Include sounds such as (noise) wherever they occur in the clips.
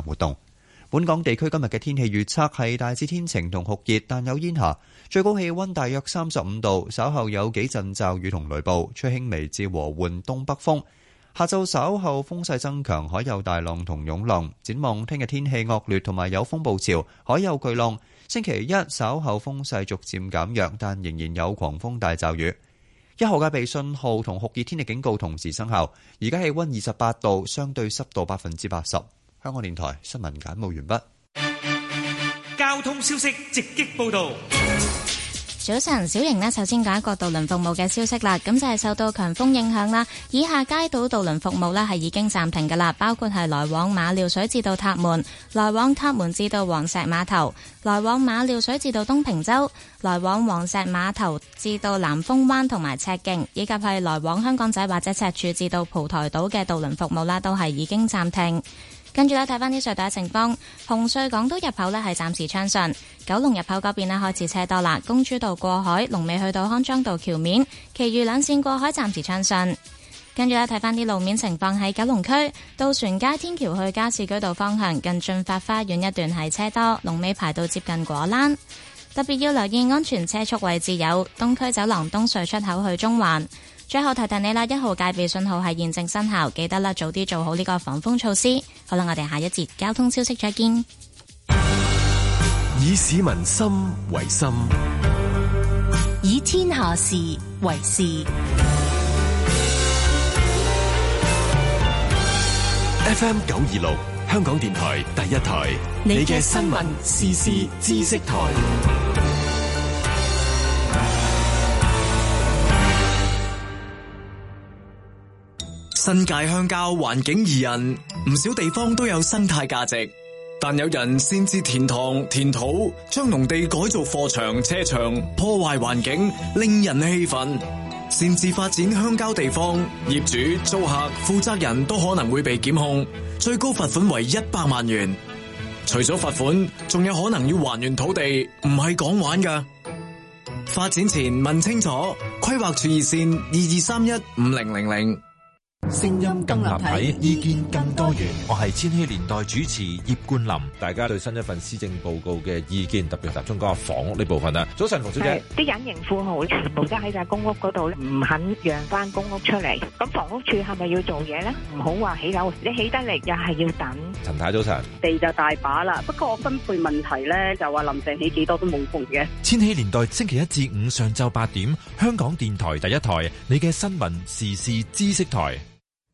活動本港地區今日嘅天氣預測係大致天晴同酷熱，但有煙霞。最高氣溫大約三十五度。稍後有幾陣驟雨同雷暴，吹輕微至和緩東北風。下晝稍後風勢增強，海有大浪同湧浪。展望聽日天氣惡劣，同埋有風暴潮，海有巨浪。星期一稍後風勢逐漸減弱，但仍然有狂風大驟雨。一號戒備信號同酷熱天氣警告同時生效。而家氣溫二十八度，相對濕度百分之八十。香港電台新聞簡報完畢。交通消息直擊報道。早晨，小瑩呢，首先講一個渡輪服務嘅消息啦。咁就係受到強風影響啦，以下街道渡輪服務呢係已經暫停噶啦，包括係來往馬料水至到塔門，來往塔門至到黃石碼頭，來往馬料水至到東平洲，來往黃石碼頭至到南風灣同埋赤徑，以及係來往香港仔或者赤柱至到蒲台島嘅渡輪服務啦，都係已經暫停。跟住咧睇翻啲隧道情況，紅隧港島入口咧係暫時暢順，九龍入口嗰邊咧開始車多啦。公主道過海，龍尾去到康莊道橋面，其餘兩線過海暫時暢順。跟住咧睇翻啲路面情況喺九龍區，渡船街天橋去加士居道方向近駿發花園一段係車多，龍尾排到接近果欄。特別要留意安全車速位置有東區走廊東隧出口去中環。最後提提你啦，一號戒備信號係現正生效，記得啦，早啲做好呢個防風措施。好啦，我哋下一節交通消息再見。以市民心為心，以天下事為事。F M 九二六，香港電台第一台，你嘅新聞時事知識台。新界鄉郊環境宜人，唔少地方都有生態價值，但有人擅自填塘填土，將農地改造貨場、車場，破壞環境，令人氣憤。擅自發展鄉郊地方，業主、租客、負責人都可能會被檢控，最高罰款為一百萬元。除咗罰款，仲有可能要還原土地，唔係講玩噶。發展前問清楚，規劃處二綫二二三一五零零零。聲音更立體，意見更多元。我係千禧年代主持葉冠霖。大家對新一份施政報告嘅意見，特別集中嗰個房屋呢部分啊。早晨，馮小姐。啲隱形富豪全部都喺晒公屋嗰度，唔肯讓翻公屋出嚟。咁房屋處係咪要做嘢咧？唔好話起樓，你起得嚟又係要等。陳太早晨。地就大把啦，不過我分配問題咧，就話林鄭起幾多都冇用嘅。千禧年代星期一至五上晝八點，香港電台第一台，你嘅新聞時事知識台。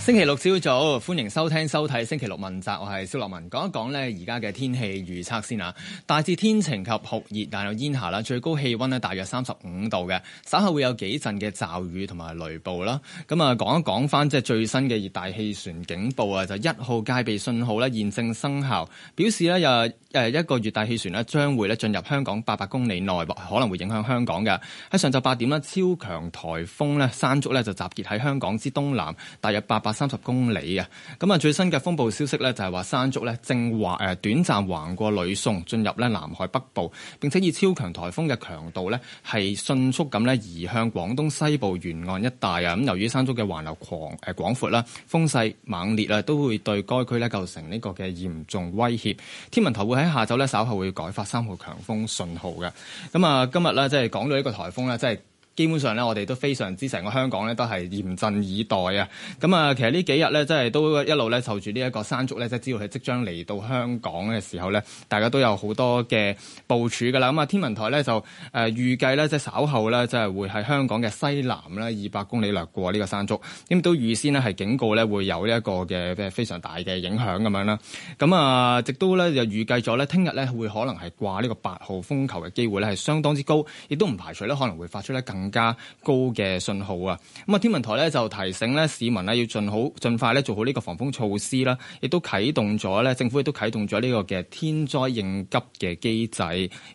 星期六朝早，歡迎收聽收睇星期六問責，我係蕭洛汶，講一講咧而家嘅天氣預測先啊！大致天晴及酷熱，但有煙霞啦，最高氣温咧大約三十五度嘅，稍後會有幾陣嘅驟雨同埋雷暴啦。咁啊，講一講返即係最新嘅熱帶氣旋警報啊，就一號戒備信號咧現正生效，表示咧又誒一個熱帶氣旋咧將會咧進入香港八百公里內，可能會影響香港嘅。喺上晝八點咧，超強颱風咧山竹咧就集結喺香港之東南，大約八百三十公里啊！咁啊，最新嘅風暴消息咧，就係話山竹咧正橫誒，短暫橫過呂宋，進入咧南海北部，並且以超強颱風嘅強度呢，係迅速咁咧移向廣東西部沿岸一帶啊！咁由於山竹嘅環流狂誒廣闊啦，風勢猛烈啊，都會對該區呢，構成呢個嘅嚴重威脅。天文台會喺下晝咧稍後會改發三號強風信號嘅。咁啊，今日咧即係講到呢個颱風咧，即係。基本上咧，我哋都非常之成個香港咧，都係嚴陣以待啊！咁啊，其實幾呢幾日咧，真係都一路咧，受住呢一個山竹咧，即係知道佢即將嚟到香港嘅時候咧，大家都有好多嘅部署噶啦。咁啊，天文台咧就誒預計咧，即係稍後咧，即係會喺香港嘅西南咧二百公里掠過呢個山竹，咁都預先呢係警告咧會有呢一個嘅即係非常大嘅影響咁樣啦。咁啊、呃，直都咧又預計咗咧，聽日咧會可能係掛呢個八號風球嘅機會咧係相當之高，亦都唔排除咧可能會發出咧更加高嘅信號啊！咁啊，天文台咧就提醒咧市民呢要盡好、盡快咧做好呢個防風措施啦，亦都啟動咗咧政府亦都啟動咗呢個嘅天災應急嘅機制、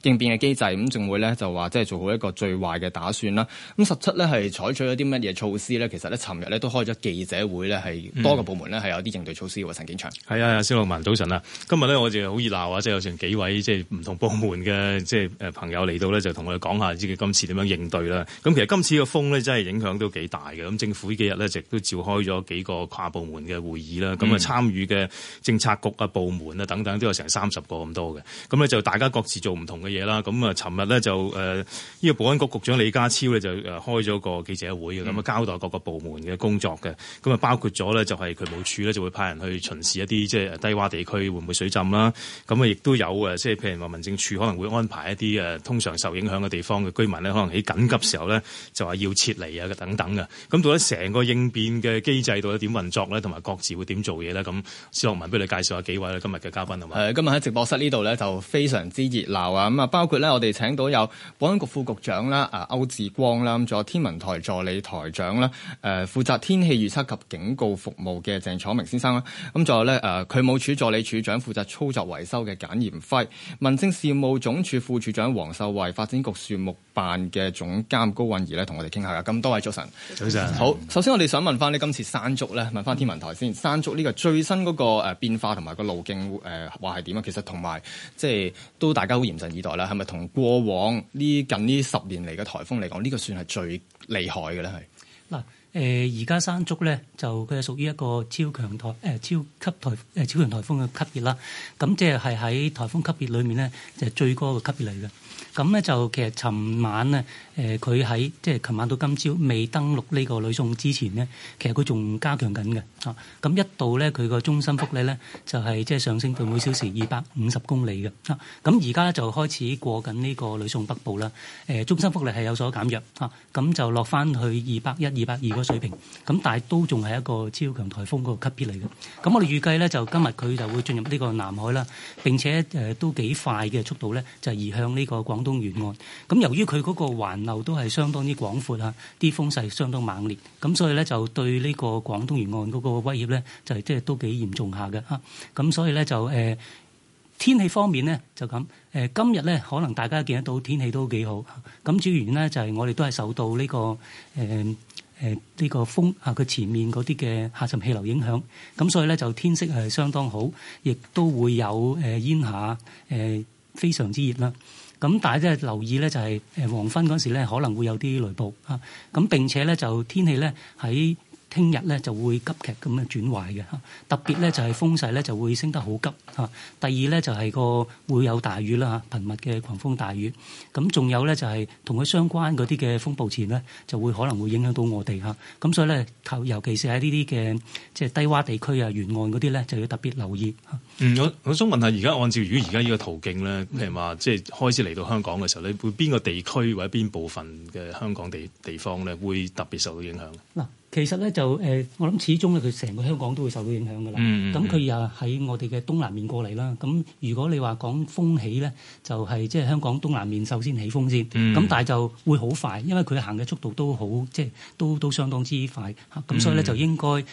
應變嘅機制，咁仲會咧就話即係做好一個最壞嘅打算啦。咁十七咧係採取咗啲乜嘢措施咧？其實咧，尋日咧都開咗記者會咧，係多個部門咧係有啲應對措施陳、嗯、陳景祥，係啊，蕭洛汶早晨啊！今日咧我哋好熱鬧啊！即係有成幾位即係唔同部門嘅即係誒朋友嚟到咧，就同我哋講下自己今次點樣應對啦。咁其實今次嘅風咧，真係影響都幾大嘅。咁政府幾呢幾日咧，一直都召開咗幾個跨部門嘅會議啦。咁啊、嗯，參與嘅政策局啊、部門啊等等，都有成三十個咁多嘅。咁咧就大家各自做唔同嘅嘢啦。咁啊，尋日咧就誒，呢、呃這個保安局局長李家超咧就誒開咗個記者會咁啊、嗯、交代各個部門嘅工作嘅。咁啊，包括咗咧就係、是、渠務署咧就會派人去巡視一啲即係低洼地區會唔會水浸啦。咁啊，亦都有誒，即係譬如話民政處可能會安排一啲誒通常受影響嘅地方嘅居民咧，嗯、可能喺緊急時候。咧就話要撤離啊等等嘅，咁到底成個應變嘅機制到底點運作咧，同埋各自會點做嘢咧？咁蕭洛汶俾你介紹下幾位今日嘅嘉賓啊嘛。誒，今日喺直播室呢度咧就非常之熱鬧啊！咁啊，包括咧我哋請到有保安局副局長啦、啊區志光啦，咁仲有天文台助理台長啦、誒負責天氣預測及警告服務嘅鄭楚明先生啦，咁仲有咧誒渠務署助理署長負責操作維修嘅簡炎輝、民政事務總署副署長王秀慧，發展局樹木辦嘅總監高韻儀咧，同我哋傾下啦。咁多位早晨，早晨上好。首先我哋想問翻咧今次山竹咧，問翻天文台先。山竹呢個最新嗰個誒變化同埋個路徑誒話係點啊？其實同埋即係都大家好嚴陣以待啦。係咪同過往呢近呢十年嚟嘅颱風嚟講，呢、呢個算係最厲害嘅咧？係嗱誒，而家山竹咧就佢係屬於一個超強台誒超級台誒超強颱風嘅級別啦。咁即係喺颱風級別裡面咧，就最高嘅級別嚟嘅。咁咧就其實尋晚咧。誒佢喺即係琴晚到今朝未登陸呢個呂宋之前呢，其實佢仲加強緊嘅嚇。咁、啊、一度呢，佢個中心風力呢，就係即係上升到每小時二百五十公里嘅嚇。咁而家就開始過緊呢個呂宋北部啦。誒、啊、中心風力係有所減弱嚇，咁、啊、就落翻去二百一、二百二嗰水平。咁、啊、但係都仲係一個超強颱風嗰個級別嚟嘅。咁我哋預計呢，就今日佢就會進入呢個南海啦。並且誒、呃、都幾快嘅速度呢，就移向呢個廣東沿岸。咁、啊、由於佢嗰個環流都係相當之廣闊啊！啲風勢相當猛烈，咁所以咧就對呢個廣東沿岸嗰個威脅咧就係即係都幾嚴重下嘅啊！咁所以咧就誒天氣方面咧就咁誒今日咧可能大家見得到天氣都幾好，咁主要咧就係我哋都係受到呢個誒誒呢個風啊佢前面嗰啲嘅下沉氣流影響，咁所以咧就天色係相當好，亦都會有誒煙霞，誒非常之熱啦。咁大家留意咧，就係、是、誒黃昏嗰時咧，可能會有啲雷暴啊！咁並且咧就天氣咧喺。聽日咧就會急劇咁樣轉壞嘅，特別咧就係風勢咧就會升得好急嚇。第二咧就係個會有大雨啦嚇，頻密嘅狂風大雨。咁仲有咧就係同佢相關嗰啲嘅風暴潮呢就會可能會影響到我哋嚇。咁所以咧，尤尤其是喺呢啲嘅即係低窪地區啊、沿岸嗰啲咧，就要特別留意嚇。嗯，我我想問一下，而家按照如果而家呢個途徑咧，譬如話即係開始嚟到香港嘅時候咧，會邊個地區或者邊部分嘅香港地地方咧，會特別受到影響嗱？其實咧就誒，我諗始終咧，佢成個香港都會受到影響噶啦。嗯，嗯，咁佢又喺我哋嘅東南面過嚟啦。咁如果你話講風起咧，就係即係香港東南面首先起風先。嗯，咁但係就會好快，因為佢行嘅速度都好即係都都相當之快。咁所以咧就應該誒，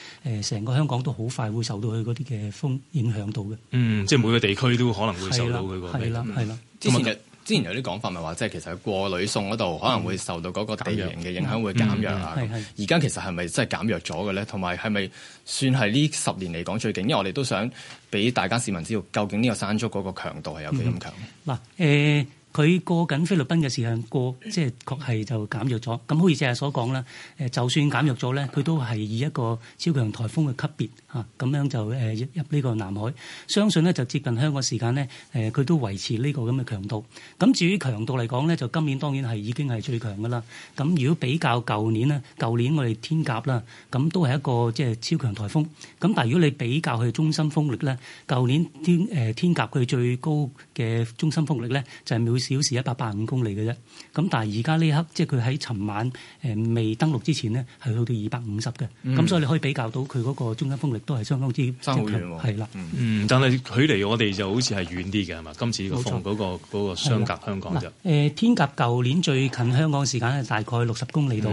成個香港都好快會受到佢嗰啲嘅風影響到嘅。嗯，即係每個地區都可能會受到佢個影響。係啦，係啦，之前嘅。之前有啲講法咪話，即係其實過女送嗰度可能會受到嗰個地形嘅影響會減弱啊。而家其實係咪真係減弱咗嘅咧？同埋係咪算係呢十年嚟講最勁？因為我哋都想俾大家市民知道，究竟呢個山竹嗰個強度係有幾咁強。嗱、嗯，呃佢過緊菲律賓嘅時間過，即係確係就減弱咗。咁好似成日所講啦，誒就算減弱咗咧，佢都係以一個超強颱風嘅級別吓，咁樣就誒入呢個南海。相信咧就接近香港時間咧，誒佢都維持呢個咁嘅強度。咁至於強度嚟講咧，就今年當然係已經係最強㗎喇。咁如果比較舊年呢，舊年我哋天鴿啦，咁都係一個即係超強颱風。咁但係如果你比較佢中心風力咧，舊年天誒、呃、天鴿佢最高嘅中心風力咧就係每小時一百八五公里嘅啫，咁但係而家呢刻即係佢喺尋晚誒未登陸之前呢，係去到二百五十嘅，咁所以你可以比較到佢嗰個中心風力都係相當之強，係啦，嗯，但係距離我哋就好似係遠啲嘅係嘛？今次個風嗰個相隔香港就誒天鴿，舊年最近香港時間大概六十公里度，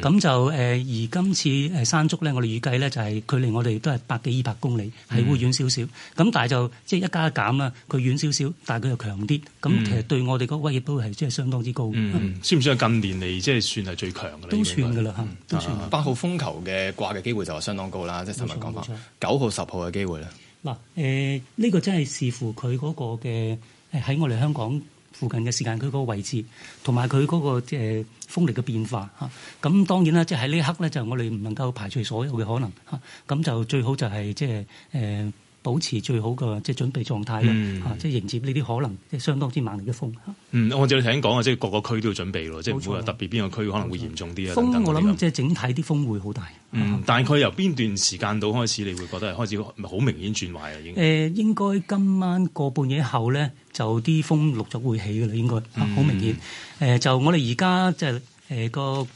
咁就誒而今次誒山竹咧，我哋預計咧就係距離我哋都係百幾二百公里，係會遠少少，咁但係就即係一加一減啦，佢遠少少，但係佢又強啲，咁其實對我。我哋嗰個威力亦都係即係相當之高。嗯，算唔算係近年嚟即係算係最強嘅咧？算都算嘅啦，嚇、嗯，都算。八號風球嘅掛嘅機會就係相當高啦，即係今日講話九號十號嘅機會咧。嗱、呃，誒、這、呢個真係視乎佢嗰個嘅誒喺我哋香港附近嘅時間，佢個位置同埋佢嗰個即係風力嘅變化嚇。咁當然啦，即係喺呢一刻咧，就我哋唔能夠排除所有嘅可能嚇。咁就最好就係即係誒。呃保持最好嘅即準備狀態咧嚇、嗯啊，即迎接呢啲可能即相當之猛烈嘅風。嗯，按照你頭先講啊，即係各個區都要準備咯，錯即係唔會話特別邊個區可能會嚴重啲啊。風我諗即係整體啲風會好大。嗯，大概由邊段時間到開始，你會覺得係開始好明顯轉壞啊、呃？應該今晚過半夜後咧，就啲風陸續會起㗎啦，應該好、嗯啊、明顯。嗯呃、就我哋而家即係個。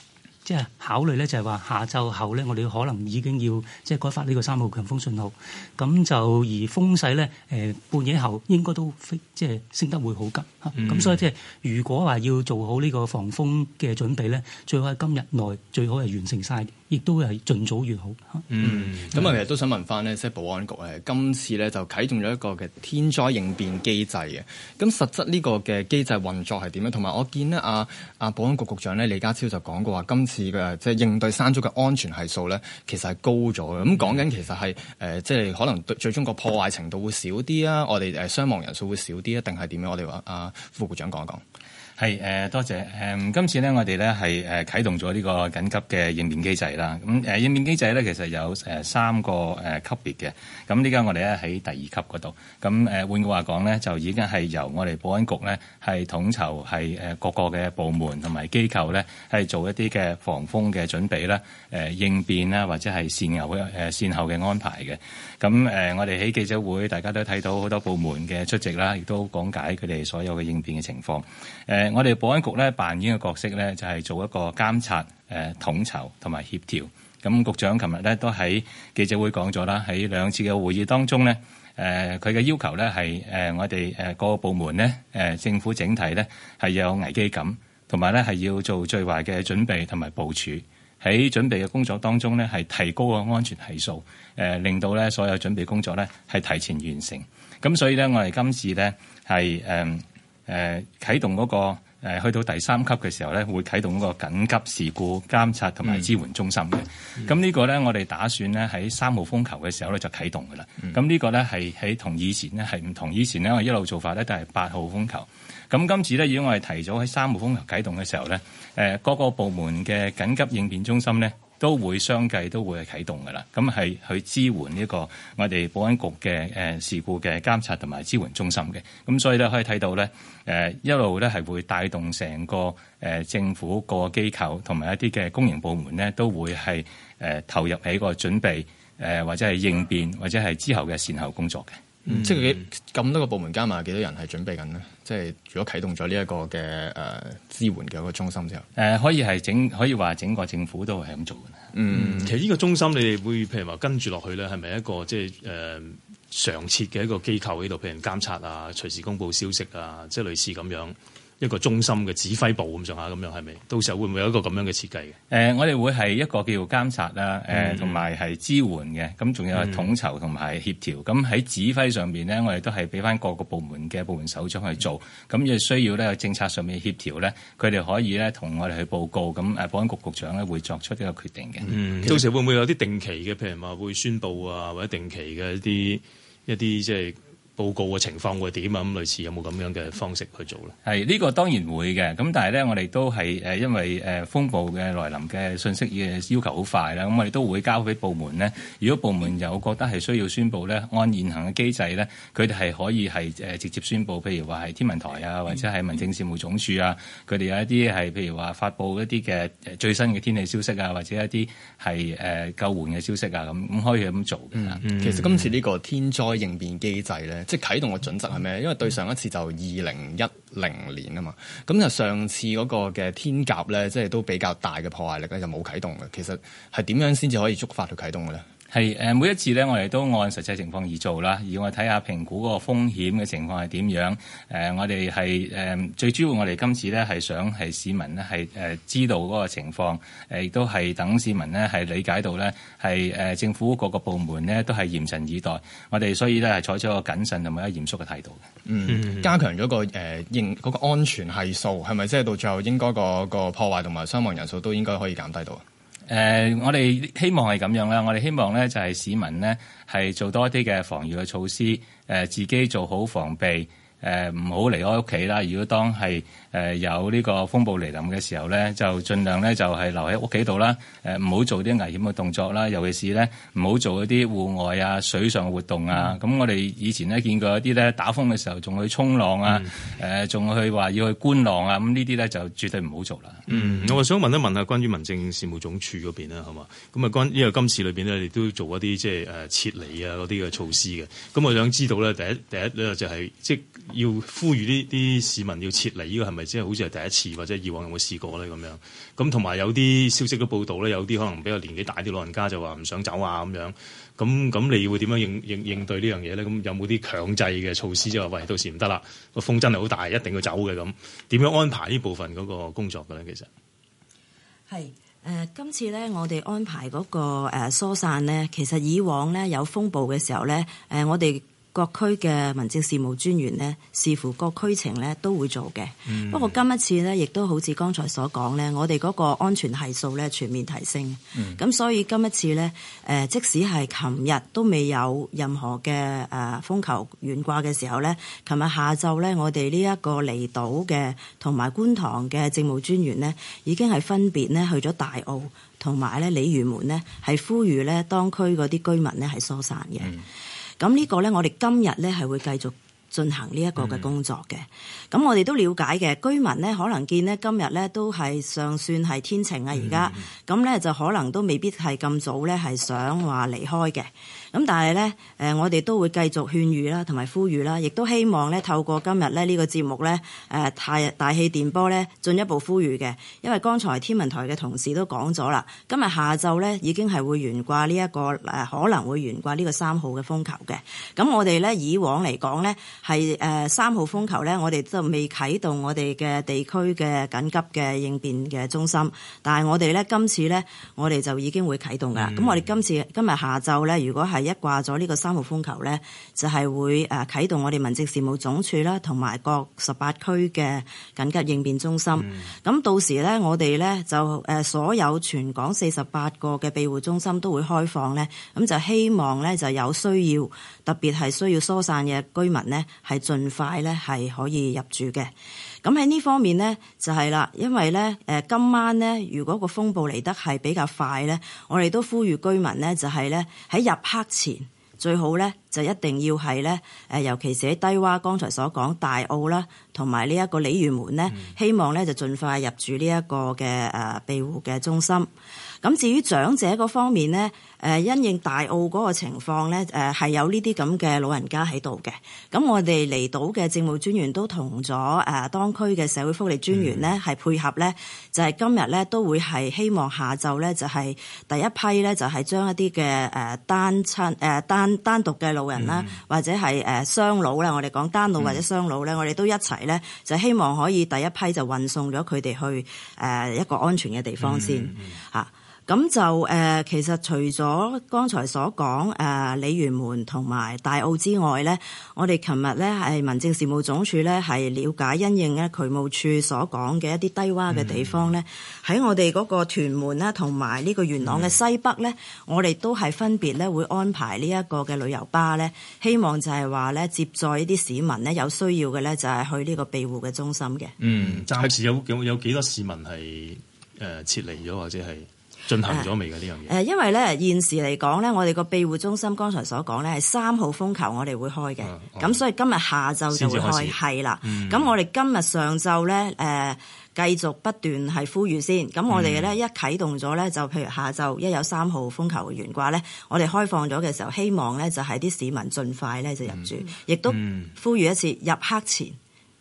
即係考慮咧，就係話下晝後咧，我哋可能已經要即係改發呢個三號強風信號。咁就而風勢咧，誒半夜後應該都即係升得會好急。咁所以即係如果話要做好呢個防風嘅準備咧，最好喺今日內，最好係完成晒。亦都係盡早越好。嗯，咁啊、嗯，嗯、我其實都想問翻呢，即、就、係、是、保安局咧，今次咧就啟動咗一個嘅天災應變機制嘅。咁實質呢個嘅機制運作係點樣？同埋我見咧，阿、啊、阿、啊、保安局局長呢，李家超就講過話，今次嘅即係應對山竹嘅安全係數咧，其實係高咗嘅。咁講緊其實係誒，即、呃、係、就是、可能對最終個破壞程度會少啲啊，我哋誒、呃、傷亡人數會少啲，定係點樣？我哋話阿副局長講一講。係誒，多謝誒。今次咧，我哋咧係誒啟動咗呢個緊急嘅應變機制啦。咁誒應變機制咧，其實有誒三個誒級別嘅。咁呢家我哋咧喺第二級嗰度。咁誒換句話講咧，就已經係由我哋保安局咧係統籌係誒各個嘅部門同埋機構咧係做一啲嘅防風嘅準備啦。誒應變啦，或者係善後嘅誒善後嘅安排嘅。咁誒，我哋喺記者會，大家都睇到好多部門嘅出席啦，亦都講解佢哋所有嘅應變嘅情況。誒，我哋保安局咧扮演嘅角色咧，就係做一個監察、誒統籌同埋協調。咁局長琴日咧都喺記者會講咗啦，喺兩次嘅會議當中咧，誒佢嘅要求咧係誒我哋誒各個部門咧，誒政府整體咧係有危機感，同埋咧係要做最壞嘅準備同埋部署。喺準備嘅工作當中咧，係提高個安全係數，誒、呃、令到咧所有準備工作咧係提前完成。咁所以咧，我哋今次咧係誒誒啟動嗰、嗰個去、呃、到第三級嘅時候咧，會啟動嗰個緊急事故監察同埋支援中心嘅。咁、嗯、呢個咧，我哋打算咧喺三號風球嘅時候咧就啟動噶啦。咁、嗯、呢個咧係喺同以前咧係唔同，以前咧我一路做法咧都係八號風球。咁今次咧，如果我哋提早喺三號風球啟動嘅時候咧，誒，各個部門嘅緊急應變中心咧，都會相繼都會係啟動嘅啦。咁係去支援呢個我哋保安局嘅誒事故嘅監察同埋支援中心嘅。咁所以咧可以睇到咧，誒一路咧係會帶動成個誒政府各個機構同埋一啲嘅公營部門咧，都會係誒投入喺個準備，誒或者係應變或者係之後嘅善後工作嘅。嗯、即係幾咁多個部門加埋幾多人係準備緊呢？即係如果啟動咗呢一個嘅誒、呃、支援嘅一個中心之後，誒、呃、可以係整，可以話整個政府都係咁做嘅。嗯，其實呢個中心你哋會譬如話跟住落去咧，係咪一個即係誒常設嘅一個機構喺度，譬如監察啊、隨時公佈消息啊，即係類似咁樣。一個中心嘅指揮部咁上下咁樣係咪？到時候會唔會有一個咁樣嘅設計嘅？誒、呃，我哋會係一個叫做監察啦，誒、呃，同埋係支援嘅。咁仲有係統籌同埋協調。咁喺、嗯、指揮上邊咧，我哋都係俾翻各個部門嘅部門首長去做。咁亦、嗯、需要咧，喺政策上面協調咧，佢哋可以咧同我哋去報告。咁誒，保安局局長咧會作出呢個決定嘅。嗯，實到時候會唔會有啲定期嘅？譬如話會宣佈啊，或者定期嘅一啲、嗯、一啲即係。報告嘅情況會點啊？咁類似有冇咁樣嘅方式去做咧？係呢個當然會嘅。咁但係咧，我哋都係誒，因為誒風暴嘅來臨嘅信息嘅要求好快啦。咁我哋都會交俾部門咧。如果部門有覺得係需要宣佈咧，按現行嘅機制咧，佢哋係可以係誒直接宣佈。譬如話係天文台啊，或者係民政事務總署啊，佢哋、嗯、有一啲係譬如話發布一啲嘅最新嘅天氣消息啊，或者一啲係誒救援嘅消息啊，咁咁可以咁做嘅。嗯嗯、其實今次呢個天災應變機制咧。即係啟動嘅準則係咩？因為對上一次就二零一零年啊嘛，咁就上次嗰個嘅天鴿咧，即係都比較大嘅破壞力咧，就冇啟動嘅。其實係點樣先至可以觸發去啟動嘅咧？係誒，每一次咧，我哋都按實際情況而做啦，而我睇下評估嗰個風險嘅情況係點樣誒，我哋係誒，最主要我哋今次咧係想係市民呢係誒知道嗰個情況，誒亦都係等市民呢係理解到咧，係誒政府各個部門呢都係嚴陣以待，我哋所以咧係採取一個謹慎同埋一嚴肅嘅態度嘅。嗯，加強咗個誒應嗰個安全係數，係咪即係到最後應該個個破壞同埋傷亡人數都應該可以減低到？誒、呃，我哋希望係咁樣啦。我哋希望咧，就係市民咧，係做多啲嘅防禦嘅措施，誒、呃，自己做好防備，誒、呃，唔好離開屋企啦。如果當係。誒、呃、有呢個風暴嚟臨嘅時候咧，就盡量咧就係、是、留喺屋企度啦。誒，唔好做啲危險嘅動作啦，尤其是咧唔好做一啲戶外啊、水上活動啊。咁、嗯、我哋以前咧見過一啲咧打風嘅時候仲去沖浪啊，誒，仲、嗯呃、去話要去觀浪啊。咁、嗯、呢啲咧就絕對唔好做啦。嗯，我想問一問下關於民政事務總署嗰邊啦，好嘛？咁啊關，因為今次裏邊咧，亦都做一啲即係誒、呃、撤離啊嗰啲嘅措施嘅。咁我想知道咧，第一第一咧就係、是、即係要呼籲呢啲市民要撤離，呢個係咪？即係好似係第一次，或者以往有冇試過咧咁樣？咁同埋有啲消息都報道咧，有啲可能比較年紀大啲老人家就話唔想走啊咁樣。咁咁，咁你會點樣應應應對這件事呢樣嘢咧？咁有冇啲強制嘅措施，即係話喂，到時唔得啦，個風真係好大，一定要走嘅咁。點樣，樣安排呢部分嗰個工作嘅咧？其實係誒，今次咧，我哋安排嗰、嗰個、呃、疏散咧，其實以往咧有風暴嘅時候咧，誒、呃、我哋。各區嘅民政事務專員呢，視乎各區情呢都會做嘅。嗯、不過今一次呢，亦都好似剛才所講呢，我哋嗰個安全係數呢全面提升。咁、嗯、所以今一次呢，呃、即使係琴日都未有任何嘅、呃、風球懸掛嘅時候呢，琴日下晝呢，我哋呢一個離島嘅同埋觀塘嘅政務專員呢，已經係分別呢去咗大澳同埋咧鯉魚門呢，係呼籲呢當區嗰啲居民呢係疏散嘅。嗯咁呢個咧，我哋今日咧係會繼續進行呢一個嘅工作嘅。咁、mm hmm. 我哋都了解嘅，居民咧可能見咧今日咧都係尚算係天晴啊，而家咁咧就可能都未必係咁早咧係想話離開嘅。咁但係咧，誒我哋都會繼續勸喻啦，同埋呼籲啦，亦都希望咧透過今日咧呢個節目咧，誒、呃、太大氣電波咧進一步呼籲嘅，因為剛才天文台嘅同事都講咗啦，今日下晝咧已經係會懸掛呢、這、一個誒可能會懸掛呢個三號嘅風球嘅。咁我哋咧以往嚟講咧係誒三號風球咧，我哋都未啟動我哋嘅地區嘅緊急嘅應變嘅中心，但係我哋咧今次咧我哋就已經會啟動噶啦。咁、嗯、我哋今次今日下晝咧，如果係第一掛咗呢個三號風球咧，就係、是、會誒啟動我哋民政事務總署啦，同埋各十八區嘅緊急應變中心。咁、嗯、到時咧，我哋咧就誒所有全港四十八個嘅庇護中心都會開放咧。咁就希望咧就有需要，特別係需要疏散嘅居民咧，係盡快咧係可以入住嘅。咁喺呢方面咧就係、是、啦，因為咧誒今晚咧如果個風暴嚟得係比較快咧，我哋都呼籲居民咧就係咧喺入黑。前最好咧就一定要係咧誒，尤其是喺低窪，剛才所講大澳啦，同埋呢一個鯉魚門咧，嗯、希望咧就盡快入住呢、這、一個嘅誒、呃、庇護嘅中心。咁至於長者嗰方面咧。誒因應大澳嗰個情況咧，誒係有呢啲咁嘅老人家喺度嘅，咁我哋嚟到嘅政務專員都同咗誒當區嘅社會福利專員咧係、嗯、配合咧，就係、是、今日咧都會係希望下晝咧就係、是、第一批咧就係、是、將一啲嘅誒單親誒單單獨嘅老人啦，嗯、或者係誒雙老啦，我哋講單老或者雙老咧，嗯、我哋都一齊咧就希望可以第一批就運送咗佢哋去誒、啊、一個安全嘅地方先嚇、嗯嗯咁就誒、呃，其實除咗剛才所講誒、呃、鯉魚門同埋大澳之外咧，我哋琴日咧係民政事務總署咧係了解因應咧渠務處所講嘅一啲低洼嘅地方咧，喺、嗯、我哋嗰個屯門咧同埋呢個元朗嘅西北咧，嗯、我哋都係分別咧會安排呢一個嘅旅遊巴咧，希望就係話咧接載呢啲市民咧有需要嘅咧就係去呢個庇護嘅中心嘅。嗯，暫時有有有幾多市民係誒、呃、撤離咗或者係？進行咗未？嘅呢樣嘢誒，因為咧現時嚟講咧，我哋個庇護中心剛才所講咧係三號風球，我哋會開嘅咁，啊、所以今日下晝就會開係啦。咁、嗯、我哋今日上晝咧誒繼續不斷係呼籲先。咁我哋咧一啟動咗咧，就譬如下晝一有三號風球嘅懸掛咧，我哋開放咗嘅時候，希望咧就係、是、啲市民儘快咧就入住，亦、嗯、都呼籲一次入黑前。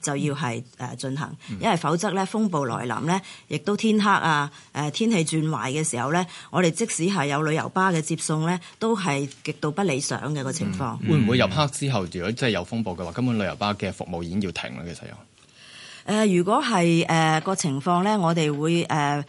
就要係誒進行，因為否則咧風暴來臨咧，亦都天黑啊！誒天氣轉壞嘅時候咧，我哋即使係有旅遊巴嘅接送咧，都係極度不理想嘅個、嗯、情況。會唔會入黑之後，如果真係有風暴嘅話，根本旅遊巴嘅服務已經要停啦？其實又誒，如果係誒個情況咧，我哋會誒誒、呃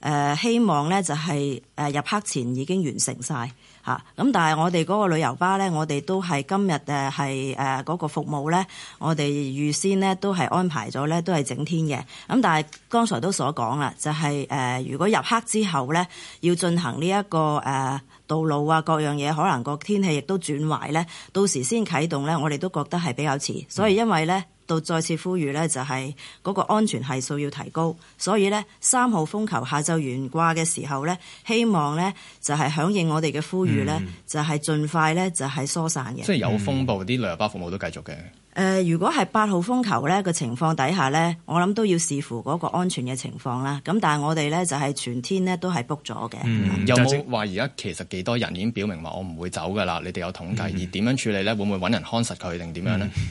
呃、希望咧就係誒入黑前已經完成晒。咁、嗯、但係我哋嗰個旅遊巴咧，我哋都係今日誒係誒嗰個服務咧，我哋預先咧都係安排咗咧，都係整天嘅。咁、嗯、但係剛才都所講啦，就係、誒、如果入黑之後咧，要進行呢、這、一個、呃道路啊，各樣嘢可能個天氣亦都轉壞呢，到時先啟動呢，我哋都覺得係比較遲，所以因為呢，到再次呼籲呢，就係嗰個安全係數要提高，所以呢，三號風球下晝懸掛嘅時候呢，希望呢就係、是、響應我哋嘅呼籲呢，就係盡快呢，就係疏散嘅。嗯、即係有風暴，啲旅遊巴服務都繼續嘅。誒、呃，如果係八號風球呢個情況底下呢，我諗都要視乎嗰個安全嘅情況啦。咁但係我哋呢，就係全天呢都係 book 咗嘅。嗯嗯、有冇話而家其實幾多人已經表明話我唔會走㗎喇？你哋有統計、嗯、而點樣處理呢？會唔會揾人看實佢定點樣呢？誒、嗯嗯嗯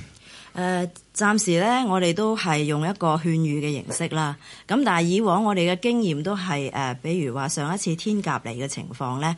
呃，暫時呢，我哋都係用一個勸喻嘅形式啦。咁但係以往我哋嘅經驗都係誒、呃，比如話上一次天隔嚟嘅情況呢。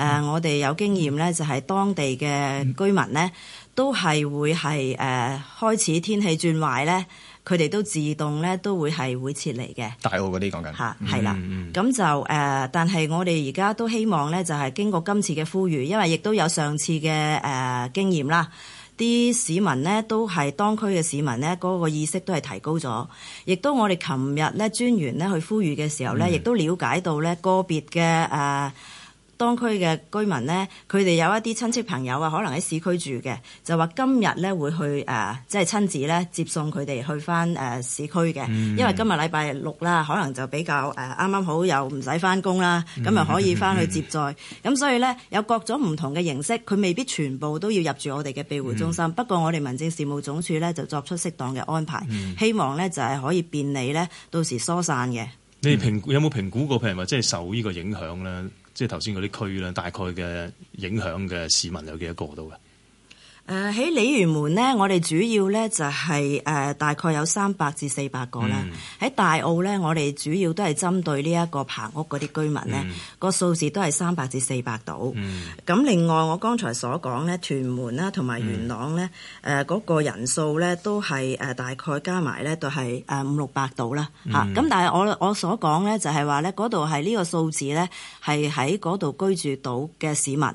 誒、呃，我哋有經驗咧，就係、是、當地嘅居民咧，都係會係誒、呃、開始天氣轉壞咧，佢哋都自動咧都會係會撤離嘅。大澳嗰啲講緊係啦，咁、啊嗯嗯、就誒、呃，但係我哋而家都希望咧，就係、是、經過今次嘅呼籲，因為亦都有上次嘅誒、呃、經驗啦，啲市民咧都係當區嘅市民咧，嗰、那個意識都係提高咗。亦都我哋琴日咧專員咧去呼籲嘅時候咧，亦、嗯、都了解到咧個別嘅誒。呃當區嘅居民呢，佢哋有一啲親戚朋友啊，可能喺市區住嘅，就話今日呢會去誒，即係親子咧接送佢哋去返誒市區嘅。嗯、因為今日禮拜六啦，可能就比較誒啱啱好又唔使返工啦，咁啊、嗯、可以返去接載。咁、嗯嗯、所以呢，有各種唔同嘅形式，佢未必全部都要入住我哋嘅庇護中心。嗯、不過我哋民政事務總署呢，就作出適當嘅安排，嗯、希望呢就係可以便利呢，到時疏散嘅。嗯、你哋有冇評估過，譬如話即係受呢個影響呢？即係頭先嗰啲區咧，大概嘅影響嘅市民有幾多個到嘅？誒喺鯉魚門咧，我哋主要咧就係、是、誒、呃、大概有三百至四百個啦。喺、嗯、大澳咧，我哋主要都係針對呢一個棚屋嗰啲居民咧，個、嗯、數字都係三百至四百度。咁、嗯、另外我剛才所講咧，屯門啦同埋元朗咧，誒嗰個人數咧都係大概加埋咧都係五六百度啦。嚇、嗯！咁但係我我所講咧就係話咧，嗰度係呢個數字咧係喺嗰度居住到嘅市民。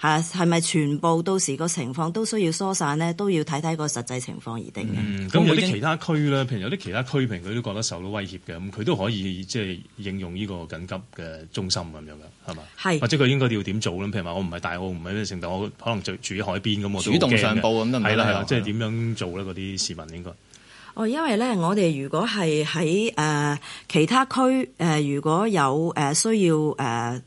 係，係咪全部到時個情況都需要疏散呢？都要睇睇個實際情況而定咁。、嗯、有啲其他區咧，譬如有啲其他區平佢都覺得受到威脅嘅，咁佢都可以即係應用呢個緊急嘅中心咁樣㗎，係嘛？係或者佢應該要點做，做呢？譬如話我唔係大澳，唔係咩城，但我可能就住喺海邊咁，我主動上報咁得唔得？係啦係啦，即係點樣做咧？嗰啲市民應該哦，因為咧，我哋如果係喺誒其他區、呃、如果有、呃、需要、呃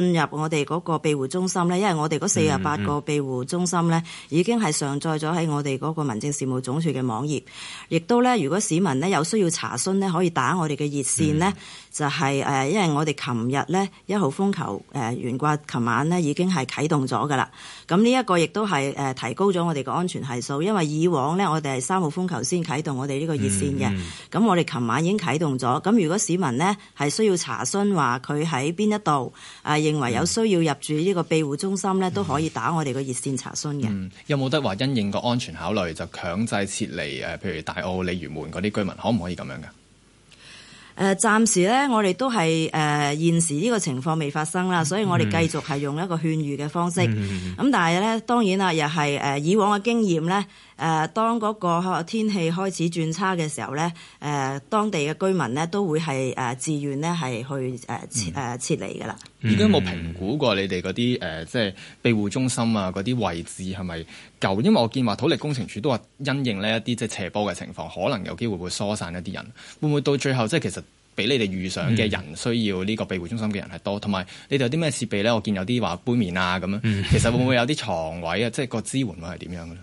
進入我哋嗰個庇護中心呢，因為我哋嗰四十八個庇護中心呢已經係上載咗喺我哋嗰個民政事務總署嘅網頁，亦都呢，如果市民呢有需要查詢呢，可以打我哋嘅熱線呢。嗯就係、是、誒，因為我哋琴日咧一號風球誒、呃、懸掛，琴晚咧已經係啟動咗噶啦。咁呢一個亦都係提高咗我哋個安全係數，因為以往咧我哋係三號風球先啟動我哋呢個熱線嘅。咁、嗯嗯、我哋琴晚已經啟動咗。咁如果市民呢係需要查詢話，佢喺邊一度啊，認為有需要入住呢個庇護中心呢，都可以打我哋個熱線查詢嘅、嗯。有冇得話因應個安全考慮，就強制撤離誒、呃？譬如大澳鯉魚門嗰啲居民，可唔可以咁樣噶？誒暫時咧，我哋都係誒現時呢個情況未發生啦，所以我哋繼續係用一個勸喻嘅方式。咁、mm hmm. 但係咧，當然啦，又係誒以往嘅經驗咧。誒，當嗰個天氣開始轉差嘅時候咧，誒，當地嘅居民咧都會係誒，自願咧係去誒誒撤離噶啦。嗯嗯、而家有冇評估過你哋嗰啲誒，即係庇護中心啊，嗰啲位置係咪夠？因為我見話土力工程處都話因應呢一啲即係斜坡嘅情況，可能有機會會疏散一啲人，會唔會到最後即係其實比你哋遇上嘅人需要呢個庇護中心嘅人係多？同埋、嗯、你哋有啲咩設備咧？我見有啲話杯麵啊咁樣，其實會唔會有啲床位啊？即係個支援會係點樣噶咧？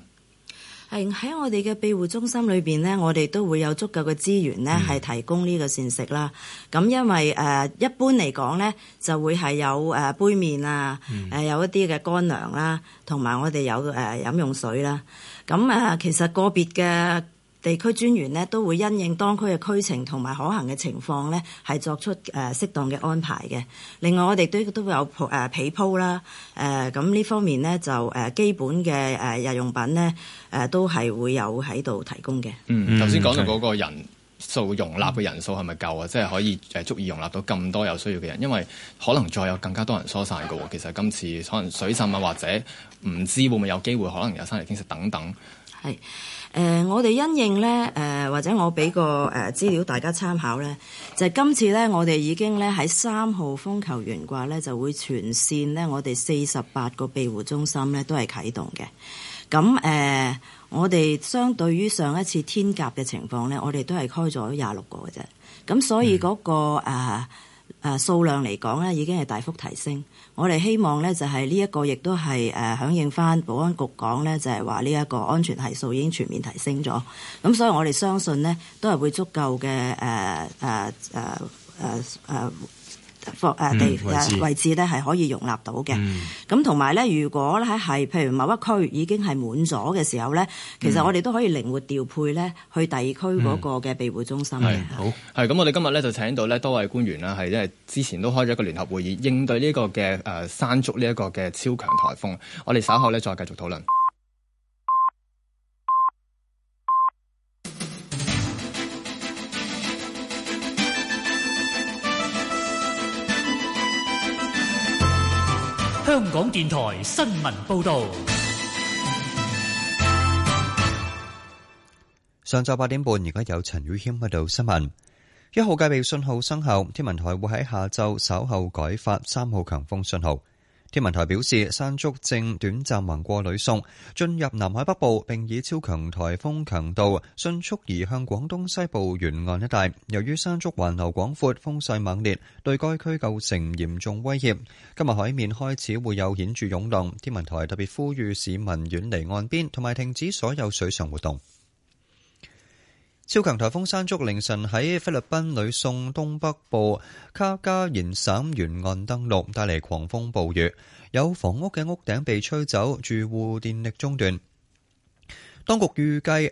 係喺我哋嘅庇護中心裏邊咧，我哋都會有足夠嘅資源咧，係提供呢個膳食啦。咁、嗯、因為誒一般嚟講咧，就會係有誒杯麵啊，誒、嗯、有一啲嘅乾糧啦，同埋我哋有誒飲用水啦。咁啊，其實個別嘅地區專員呢都會因應當區嘅區情同埋可行嘅情況呢，係作出誒、呃、適當嘅安排嘅。另外我們，我哋都都會有誒被鋪啦，誒咁呢方面呢，就誒、呃、基本嘅誒、呃、日用品呢，誒、呃、都係會有喺度提供嘅。嗯，頭先講到嗰個人數容納嘅人數係咪夠啊？嗯、即係可以誒足以容納到咁多有需要嘅人，因為可能再有更加多人疏散嘅喎。其實今次可能水浸啊，或者唔知會唔會有機會可能有山泥傾瀉等等。係。誒、呃，我哋因應咧，誒、呃、或者我俾個誒、呃、資料大家參考咧，就係、今次咧，我哋已經咧喺三號風球懸掛咧，就會全線咧，我哋四十八個庇護中心咧都係啟動嘅。咁誒、呃，我哋相對於上一次天鴿嘅情況咧，我哋都係開咗廿六個嘅啫。咁所以嗰、那個、嗯呃誒數量嚟講咧，已經係大幅提升。我哋希望咧，就係呢一個亦都係誒、呃、響應翻保安局講咧，就係話呢一個安全係數已經全面提升咗。咁所以我哋相信咧，都係會足夠嘅誒誒誒誒誒。呃呃呃呃呃房地、嗯、位置咧係可以容納到嘅，咁同埋咧，如果咧係譬如某一個區已經係滿咗嘅時候咧，嗯、其實我哋都可以靈活調配咧，去第二區嗰個嘅庇護中心嘅、嗯。好，係咁，我哋今日咧就請到咧多位官員啦，係因為之前都開咗一個聯合會議應對呢個嘅誒、呃、山竹呢一個嘅超強颱風，我哋稍後咧再繼續討論。香港電台新聞報道：上晝八點半，而家有陳宇謙報道新聞。一號戒備信號生效，天文台會喺下晝稍後改發三號強風信號。天文台表示，山竹正短暫橫過呂宋，進入南海北部，並以超強台風強度迅速移向廣東西部沿岸一帶。由於山竹環流廣闊風勢猛烈，對該區構成嚴重威脅，今日海面開始會有顯著湧浪，天文台特別呼籲市民遠離岸邊同埋停止所有水上活動。超強颱風山竹凌晨喺菲律賓呂宋東北部卡加延省沿，沿岸登陸，帶嚟狂風暴雨，有房屋嘅屋頂被吹走，住戶電力中斷。當局預計。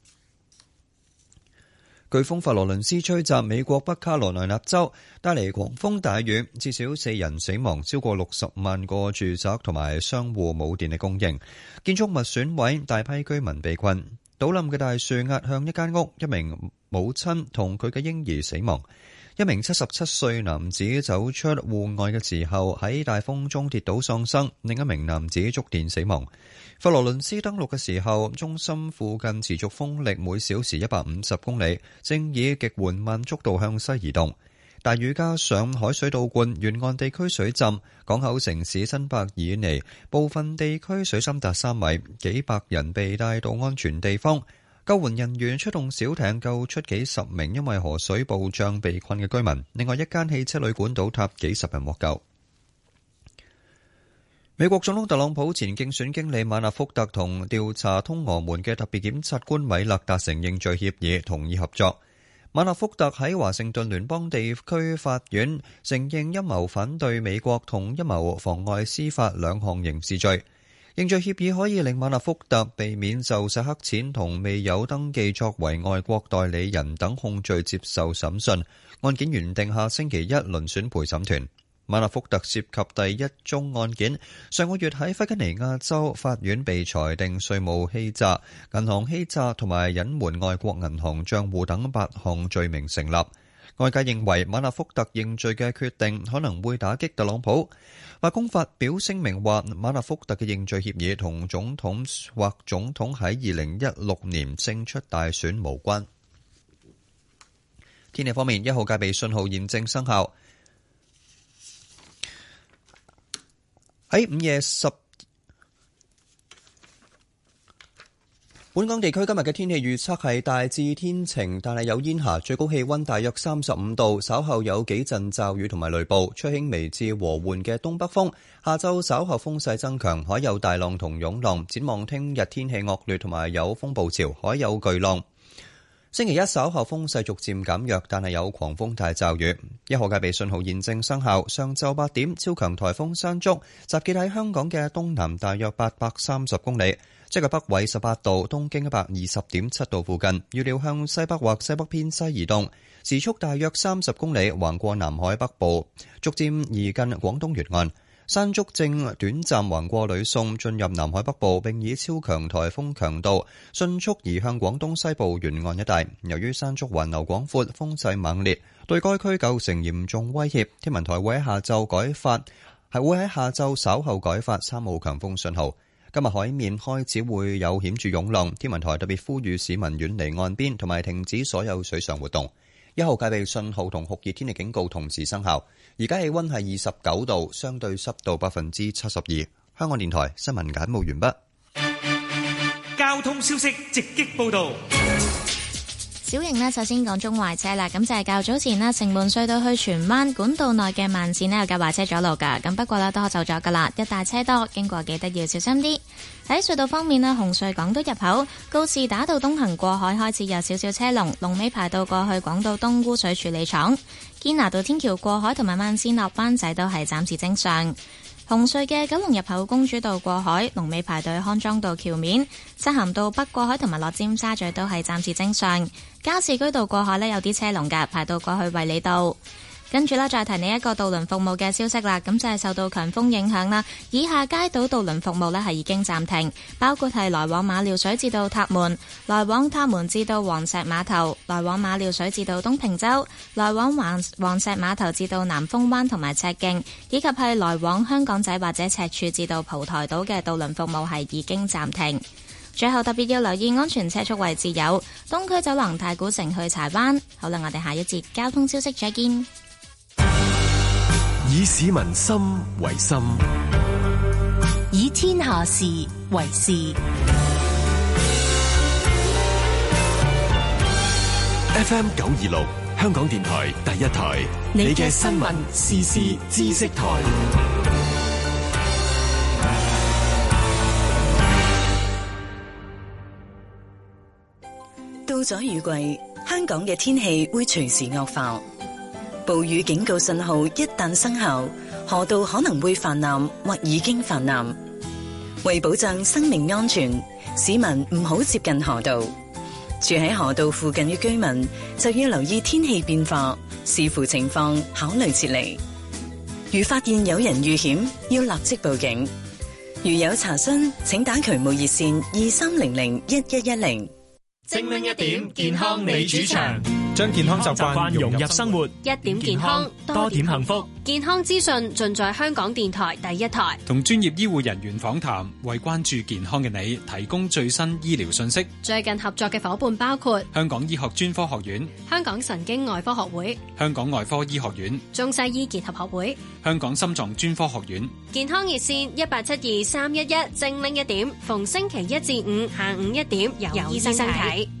颶風法羅倫斯吹襲美國北卡羅來納州，帶嚟狂風大雨，至少四人死亡，超過六十萬個住宅同埋商戶冇電力供應，建築物損毀，大批居民被困。倒冧嘅大樹壓向一間屋，一名母親同佢嘅嬰兒死亡。一名七十七歲男子走出戶外嘅時候喺大風中跌倒喪生，另一名男子觸電死亡。佛羅倫斯登陸嘅時候，中心附近持續風力每小時一百五十公里，正以極緩慢速度向西移動。大雨加上海水倒灌，沿岸地區水浸，港口城市新柏爾尼部分地區水深達三米，幾百人被帶到安全地方。救援人員出動小艇救出幾十名因為河水暴漲被困嘅居民。另外一間汽車旅館倒塌，幾十人獲救。美國總統特朗普前競選經理馬納福特同調查通俄門嘅特別檢察官米勒達成認罪協議，同意合作。馬納福特喺華盛頓聯邦地區法院承認陰謀反對美國同陰謀妨礙司法兩項刑事罪。認罪協議可以令馬納福特避免受洗黑錢同未有登記作為外國代理人等控罪接受審訊。案件原定下星期一輪選陪審團。馬納福特涉及第一宗案件，上個月喺弗吉尼亞州法院被裁定稅務欺詐、銀行欺詐同埋隱瞞外國銀行賬戶等八項罪名成立。外界認為馬納福特認罪嘅決定可能會打擊特朗普。白宮發表聲明話，馬納福特嘅認罪協議同總統或總統喺二零一六年勝出大選無關。天氣方面，一號戒備信號現正生效。喺午夜十，本港地區今日嘅天氣預測係大致天晴，但係有煙霞，最高氣溫大約三十五度。稍後有幾陣驟雨同埋雷暴，吹輕微至和緩嘅東北風。下晝稍後風勢增強，海有大浪同湧浪。展望聽日天氣惡劣，同埋有風暴潮，海有巨浪。星期一，稍後風勢逐漸減弱，但係有狂風大驟雨。一號戒備信號現正生效。上晝八點，超強颱風山竹集結喺香港嘅東南，大約八百三十公里，即係北緯十八度，東經一百二十點七度附近。預料向西北或西北偏西移動，時速大約三十公里，橫過南海北部，逐漸移近廣東沿岸。山竹正短暫橫過呂宋，進入南海北部，並以超強颱風強度迅速移向廣東西部沿岸一帶。由於山竹環流廣闊，風勢猛烈，對該區構成嚴重威脅。天文台會喺下晝改發，係會喺下晝稍後改發三號強風信號。今日海面開始會有顯著湧浪，天文台特別呼籲市民遠離岸邊，同埋停止所有水上活動。一號戒備信號同酷熱天氣警告同時生效，而家氣溫係二十九度，相對濕度百分之七十二。香港電台新聞簡報完畢。交通消息直擊報道。小型呢，首先講中壞車啦，咁就係、是、較早前啦，城門隧道去荃灣管道內嘅慢線呢，有架壞車阻路噶，咁不過咧都可走咗噶啦，一大車多，經過記得要小心啲。喺隧道方面咧，紅隧港島入口、告士打道東行過海開始有少少車龍，龍尾排到過去港島東污水處理廠、堅拿道天橋過海同埋慢線落班仔都係暫時正常。紅隧嘅九龍入口公主道過海，龍尾排隊康莊道橋面，西咸道北過海同埋落尖沙咀都係暫時正常。加士居道過海呢，有啲車龍㗎，排到過去衛理道。跟住呢，再提你一個渡輪服務嘅消息啦。咁就係受到強風影響啦，以下街道渡輪服務呢係已經暫停，包括係來往馬料水至到塔門、來往塔門至到黃石碼頭、來往馬料水至到東平洲、來往黃石碼頭至到南風灣同埋赤徑，以及係來往香港仔或者赤柱至到蒲台島嘅渡輪服務係已經暫停。最後特別要留意安全車速位置有東區走廊、太古城去柴灣。好啦，我哋下一節交通消息再見。以市民心為心，以天下事為事。FM 九二六，香港電台第一台，你嘅新聞、時事、知識台。到咗雨季，香港嘅天氣會隨時惡化。暴雨警告信號一旦生效，河道可能會泛濫或已經泛濫。為保障生命安全，市民唔好接近河道。住喺河道附近嘅居民就要留意天氣變化，視乎情況考慮撤離。如發現有人遇險，要立即報警。如有查詢，請打渠務熱線二三零零一一一零。精靈一點，健康你主場。將健康習慣融入生活，一點健康，多點幸福。健康資訊盡在香港電台第一台。同專業醫護人員訪談，為關注健康嘅你提供最新醫療信息。最近合作嘅夥伴包括香港醫學專科學院、香港神經外科學會、香港外科醫學院、中西醫結合學會、香港心臟專科學院。健康熱線一八七二三一一，11，正零一點，逢星期一至五下午一點，由醫生睇。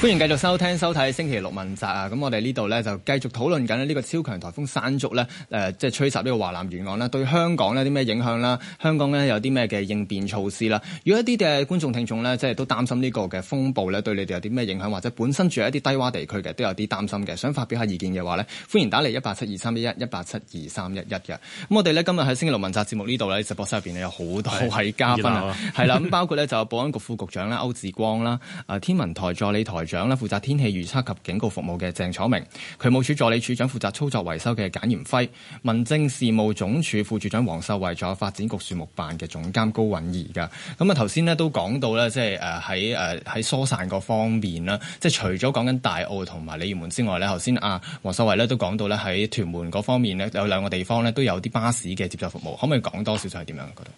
歡迎繼續收聽、收睇星期六問責啊！咁、嗯、我哋呢度呢，就繼續討論緊呢個超強颱風山竹呢，誒、呃，即係吹襲呢個華南沿岸啦，對香港呢有啲咩影響啦，香港呢，有啲咩嘅應變措施啦？如果一啲嘅觀眾聽眾呢，即係都擔心呢個嘅風暴呢，對你哋有啲咩影響，或者本身住喺一啲低洼地區嘅都有啲擔心嘅，想發表下意見嘅話呢，歡迎打嚟一八七二三一一一八七二三一一嘅。咁、嗯、我哋呢，今日喺星期六問責節目呢度呢，直播室入邊呢，有好多位嘉賓啊。係啦，咁、嗯、 (laughs) 包括呢，就保安局副局長啦，區志光啦，誒、呃，天文台助理台，長咧，負責天氣預測及警告服務嘅鄭楚明，渠務署助理署長負責操作維修嘅簡炎輝，民政事務總署副署長王秀慧，仲有發展局樹木辦嘅總監高韻儀噶。咁啊，頭先咧都講到咧，即係誒喺，誒喺疏散方面啦，即係除咗講緊大澳同埋鯉魚門之外咧，頭先阿王秀慧咧都講到咧喺屯門嗰方面咧有兩個地方咧都有啲巴士嘅接載服務，可唔可以講多少就係點樣？覺得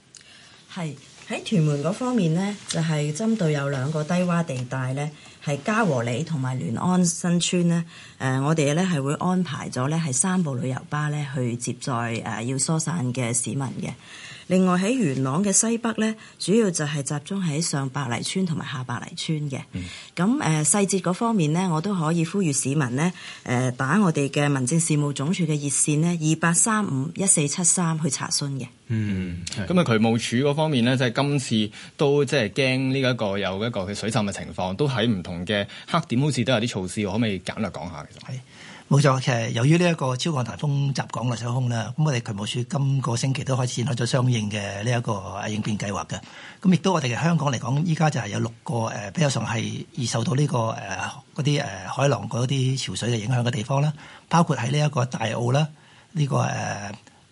係喺屯門嗰方面咧，就係針對有兩個低窪地帶咧。係嘉和里同埋聯安新村咧，誒，我哋咧係會安排咗咧係三部旅遊巴咧去接載誒要疏散嘅市民嘅。另外喺元朗嘅西北咧，主要就係集中喺上白泥村同埋下白泥村嘅。咁誒、嗯呃、細節嗰方面咧，我都可以呼籲市民咧誒、呃、打我哋嘅民政事務總署嘅熱線呢，二八三五一四七三去查詢嘅。嗯，咁啊渠務署嗰方面咧，即、就、係、是、今次都即係驚呢一個有一個佢水浸嘅情況，都喺唔同嘅黑點，好似都有啲措施，我可唔可以簡略講下其實係？冇錯，其實由於呢一個超強颱風襲港嘅受空啦，咁我哋渠務署今個星期都開始展開咗相應嘅呢一個應變計劃嘅。咁亦都我哋嘅香港嚟講，依家就係有六個誒比較上係易受到呢個誒嗰啲誒海浪嗰啲潮水嘅影響嘅地方啦，包括喺呢一個大澳啦，呢個誒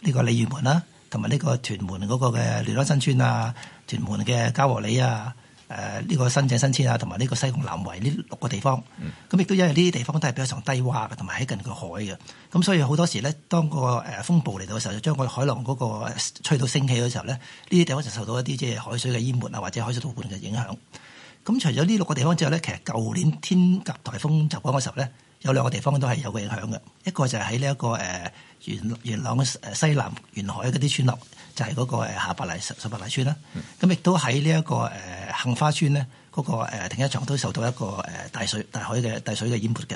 呢個鯉魚門啦，同埋呢個屯門嗰個嘅聯安新村啊，屯門嘅嘉和里啊。誒呢、呃這個新井新村啊，同埋呢個西貢南圍呢六個地方，咁亦都因為呢啲地方都係比較常低窪嘅，同埋喺近個海嘅，咁所以好多時咧，當個誒風暴嚟到嘅時候，就將個海浪嗰個吹到升起嘅時候咧，呢啲地方就受到一啲即係海水嘅淹沒啊，或者海水倒灌嘅影響。咁除咗呢六個地方之後咧，其實舊年天鴿颱風襲港嘅時候咧，有兩個地方都係有影響嘅，一個就係喺呢一個誒元元朗誒西南沿海嗰啲村落。就係嗰個下白泥、上白泥村啦，咁亦都喺呢一個誒、呃、杏花村咧，嗰、那個、呃、停車場都受到一個誒、呃、大水、大海嘅大水嘅淹沒嘅。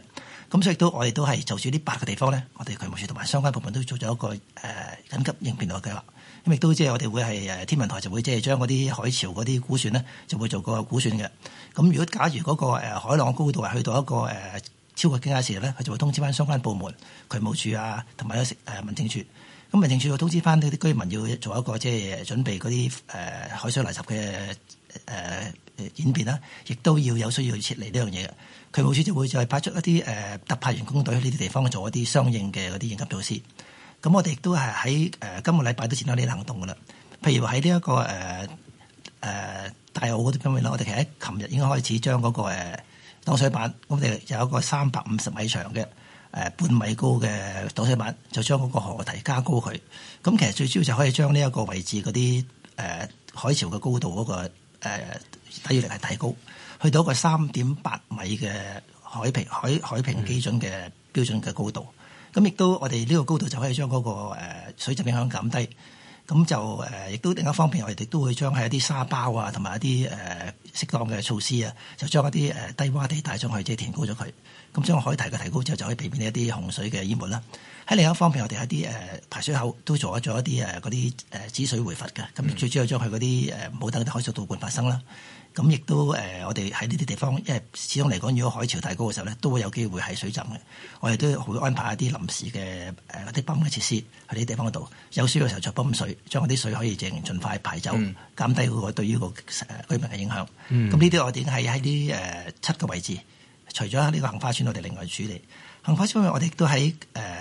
咁所以都我哋都係就住呢八個地方咧，我哋渠務署同埋相關部門都做咗一個誒、呃、緊急應變落嘅計劃。咁亦都即係我哋會係誒天文台就會即係將嗰啲海潮嗰啲估算咧，就會做個估算嘅。咁如果假如嗰個海浪高度係去到一個誒、呃、超過警戒線咧，佢就會通知翻相關部門、渠務署啊同埋咧誒民政處。咁民政處會通知翻呢啲居民要做一個即係準備嗰啲誒海水垃圾嘅誒演變啦，亦都要有需要去撤離呢樣嘢。渠務處就會再派出一啲誒、呃、特派員工隊去呢啲地方做一啲相應嘅嗰啲應急措施。咁我哋亦都係喺誒今個禮拜都展開啲行動噶啦。譬如話喺呢一個誒誒、呃呃、大澳嗰啲方面啦，我哋其實喺琴日已經開始將嗰、那個誒、呃、擋水板，我哋有一個三百五十米長嘅。誒半米高嘅擋水板，就將嗰個河堤加高佢。咁其實最主要就可以將呢一個位置嗰啲、呃、海潮嘅高度嗰、嗰個誒體、呃、力係提高，去到一個三點八米嘅海平海海平基準嘅標準嘅高度。咁亦、嗯、都我哋呢個高度就可以將嗰、嗰個、呃、水浸影響減低。咁就亦都、呃、另一方面，我哋都會將係一啲沙包啊，同埋一啲、呃、適當嘅措施啊，就將一啲低窪地帶上去即係填高咗佢。咁將海堤提提高之後就可以避免一啲洪水嘅淹沒啦。喺另一方面，我一，我哋喺啲誒排水口都做咗一啲誒嗰啲誒止水回閥嘅，咁、嗯、最主要將佢嗰啲誒冇得啲海水倒灌發生啦。咁、啊、亦都誒、呃、我哋喺呢啲地方，因為始終嚟講，如果海潮太高嘅時候咧，都會有機會係水浸嘅。我哋都會安排一啲臨時嘅誒一啲泵嘅設施喺呢啲地方度，有需要嘅時候就泵水，將嗰啲水可以盡儘快排走，減、嗯、低個對於個、呃、居民嘅影響。咁呢啲我哋已喺啲誒七個位置。除咗呢個杏花村，我哋另外處理杏花村我，我哋都喺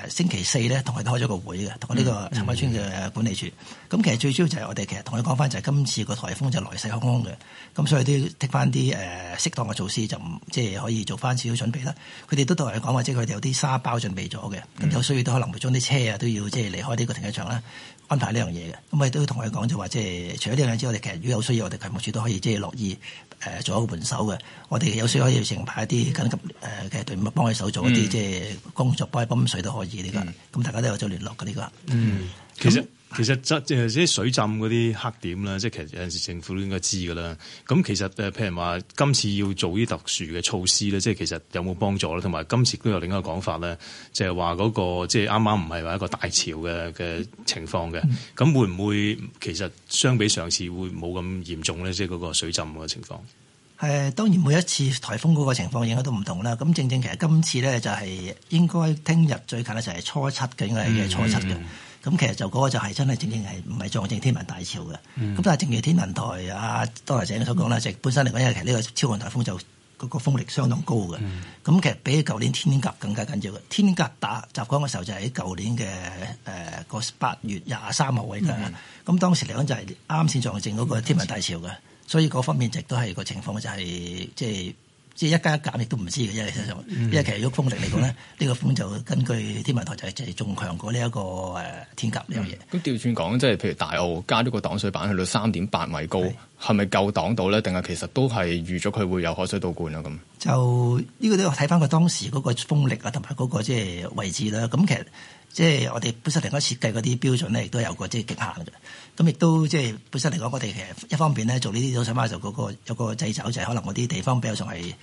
星期四咧同佢開咗個會嘅，同呢個杏花村嘅管理處。咁、嗯嗯、其實最主要就係我哋其實同佢講翻就係今次個颱風就來勢洶洶嘅，咁所以都要剔翻啲誒適當嘅措施，就唔即係可以做翻少少準備啦。佢哋都同佢講講話，即係佢哋有啲沙包準備咗嘅，咁有需要都可能會將啲車啊都要即係離開呢個停車場啦，安排呢樣嘢嘅。咁我哋都同佢講就話、就是，即係除咗呢樣嘢之外，我哋其實如果有需要，我哋羣牧處都可以即係樂意。誒、呃、做一個援手嘅，我哋有時可以成排一啲緊急誒嘅隊伍幫佢手做一啲即係工作，幫佢泵水都可以呢、這個咁、嗯、大家都有做聯絡嘅，呢、這個嗯，嗯其實。其實即係啲水浸嗰啲黑點啦，即係其實有陣時政府都應該知噶啦。咁其實誒，譬如話今次要做啲特殊嘅措施咧，即係其實有冇幫助咧？同埋今次都有另一個講法咧，就係話嗰個即係啱啱唔係話一個大潮嘅嘅情況嘅。咁、嗯、會唔會其實相比上次會冇咁嚴重咧？即係嗰個水浸嘅情況。誒，當然每一次颱風嗰個情況影響都唔同啦。咁正正其實今次咧就係應該聽日最近咧就係初七嘅，應該係初七嘅。嗯嗯咁其實就嗰個就係真係正正係唔係撞正天文大潮嘅。咁、嗯、但係正如天文台啊多家姐你所講啦，就本身嚟講，因為其實呢個超強颱風就嗰個風力相當高嘅。咁、嗯、其實比起舊年天鴿更加緊要嘅。天鴿打襲港嘅時候就喺舊年嘅誒個八月廿三號嗰日。咁、嗯、當時嚟講就係啱先撞正嗰個天文大潮嘅。所以嗰方面一直都係個情況就係即係。就是即係一加一減，亦都唔知嘅，因為其實喐風力嚟講咧，呢、嗯、個風就根據天文台就係仲強過呢一個誒天鴿呢樣嘢。咁調轉講，即係譬如大澳加咗個擋水板去到三點八米高，係咪是夠擋到咧？定係其實都係預咗佢會有海水倒灌啊？咁就呢、呢個都要睇翻佢當時嗰個風力啊，同埋嗰個即係位置啦。咁其實即係我哋本身嚟講設計嗰啲標準咧，亦都有個即係極限嘅。咁亦都即係本身嚟講，我哋其實一方面咧做呢啲早上花，就嗰個有個掣肘就係可能我啲地方比較上係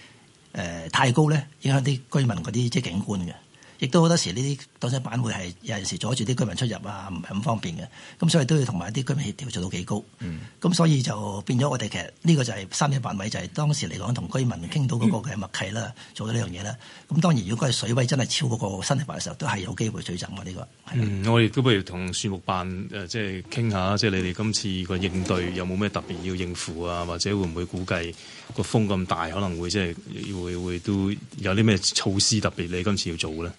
誒太高咧，影響啲居民嗰啲即係景觀嘅。亦都好多時呢啲擋水板會係有陣時阻住啲居民出入啊，唔係咁方便嘅。咁所以都要同埋啲居民協調做到幾高。咁、嗯、所以就變咗我哋其實呢、這個就係三米八，就係、是、當時嚟講同居民傾到嗰個嘅默契啦，嗯、做咗呢樣嘢啦。咁當然如果係水位真係超嗰個三米八嘅時候，都係有機會水浸嘅呢個。嗯、我哋都不如同樹木辦、呃，即係傾下，即係你哋今次個應對有冇咩特別要應付啊？或者會唔會估計個風咁大可能會即係會會都有啲咩措施特別你今次要做咧？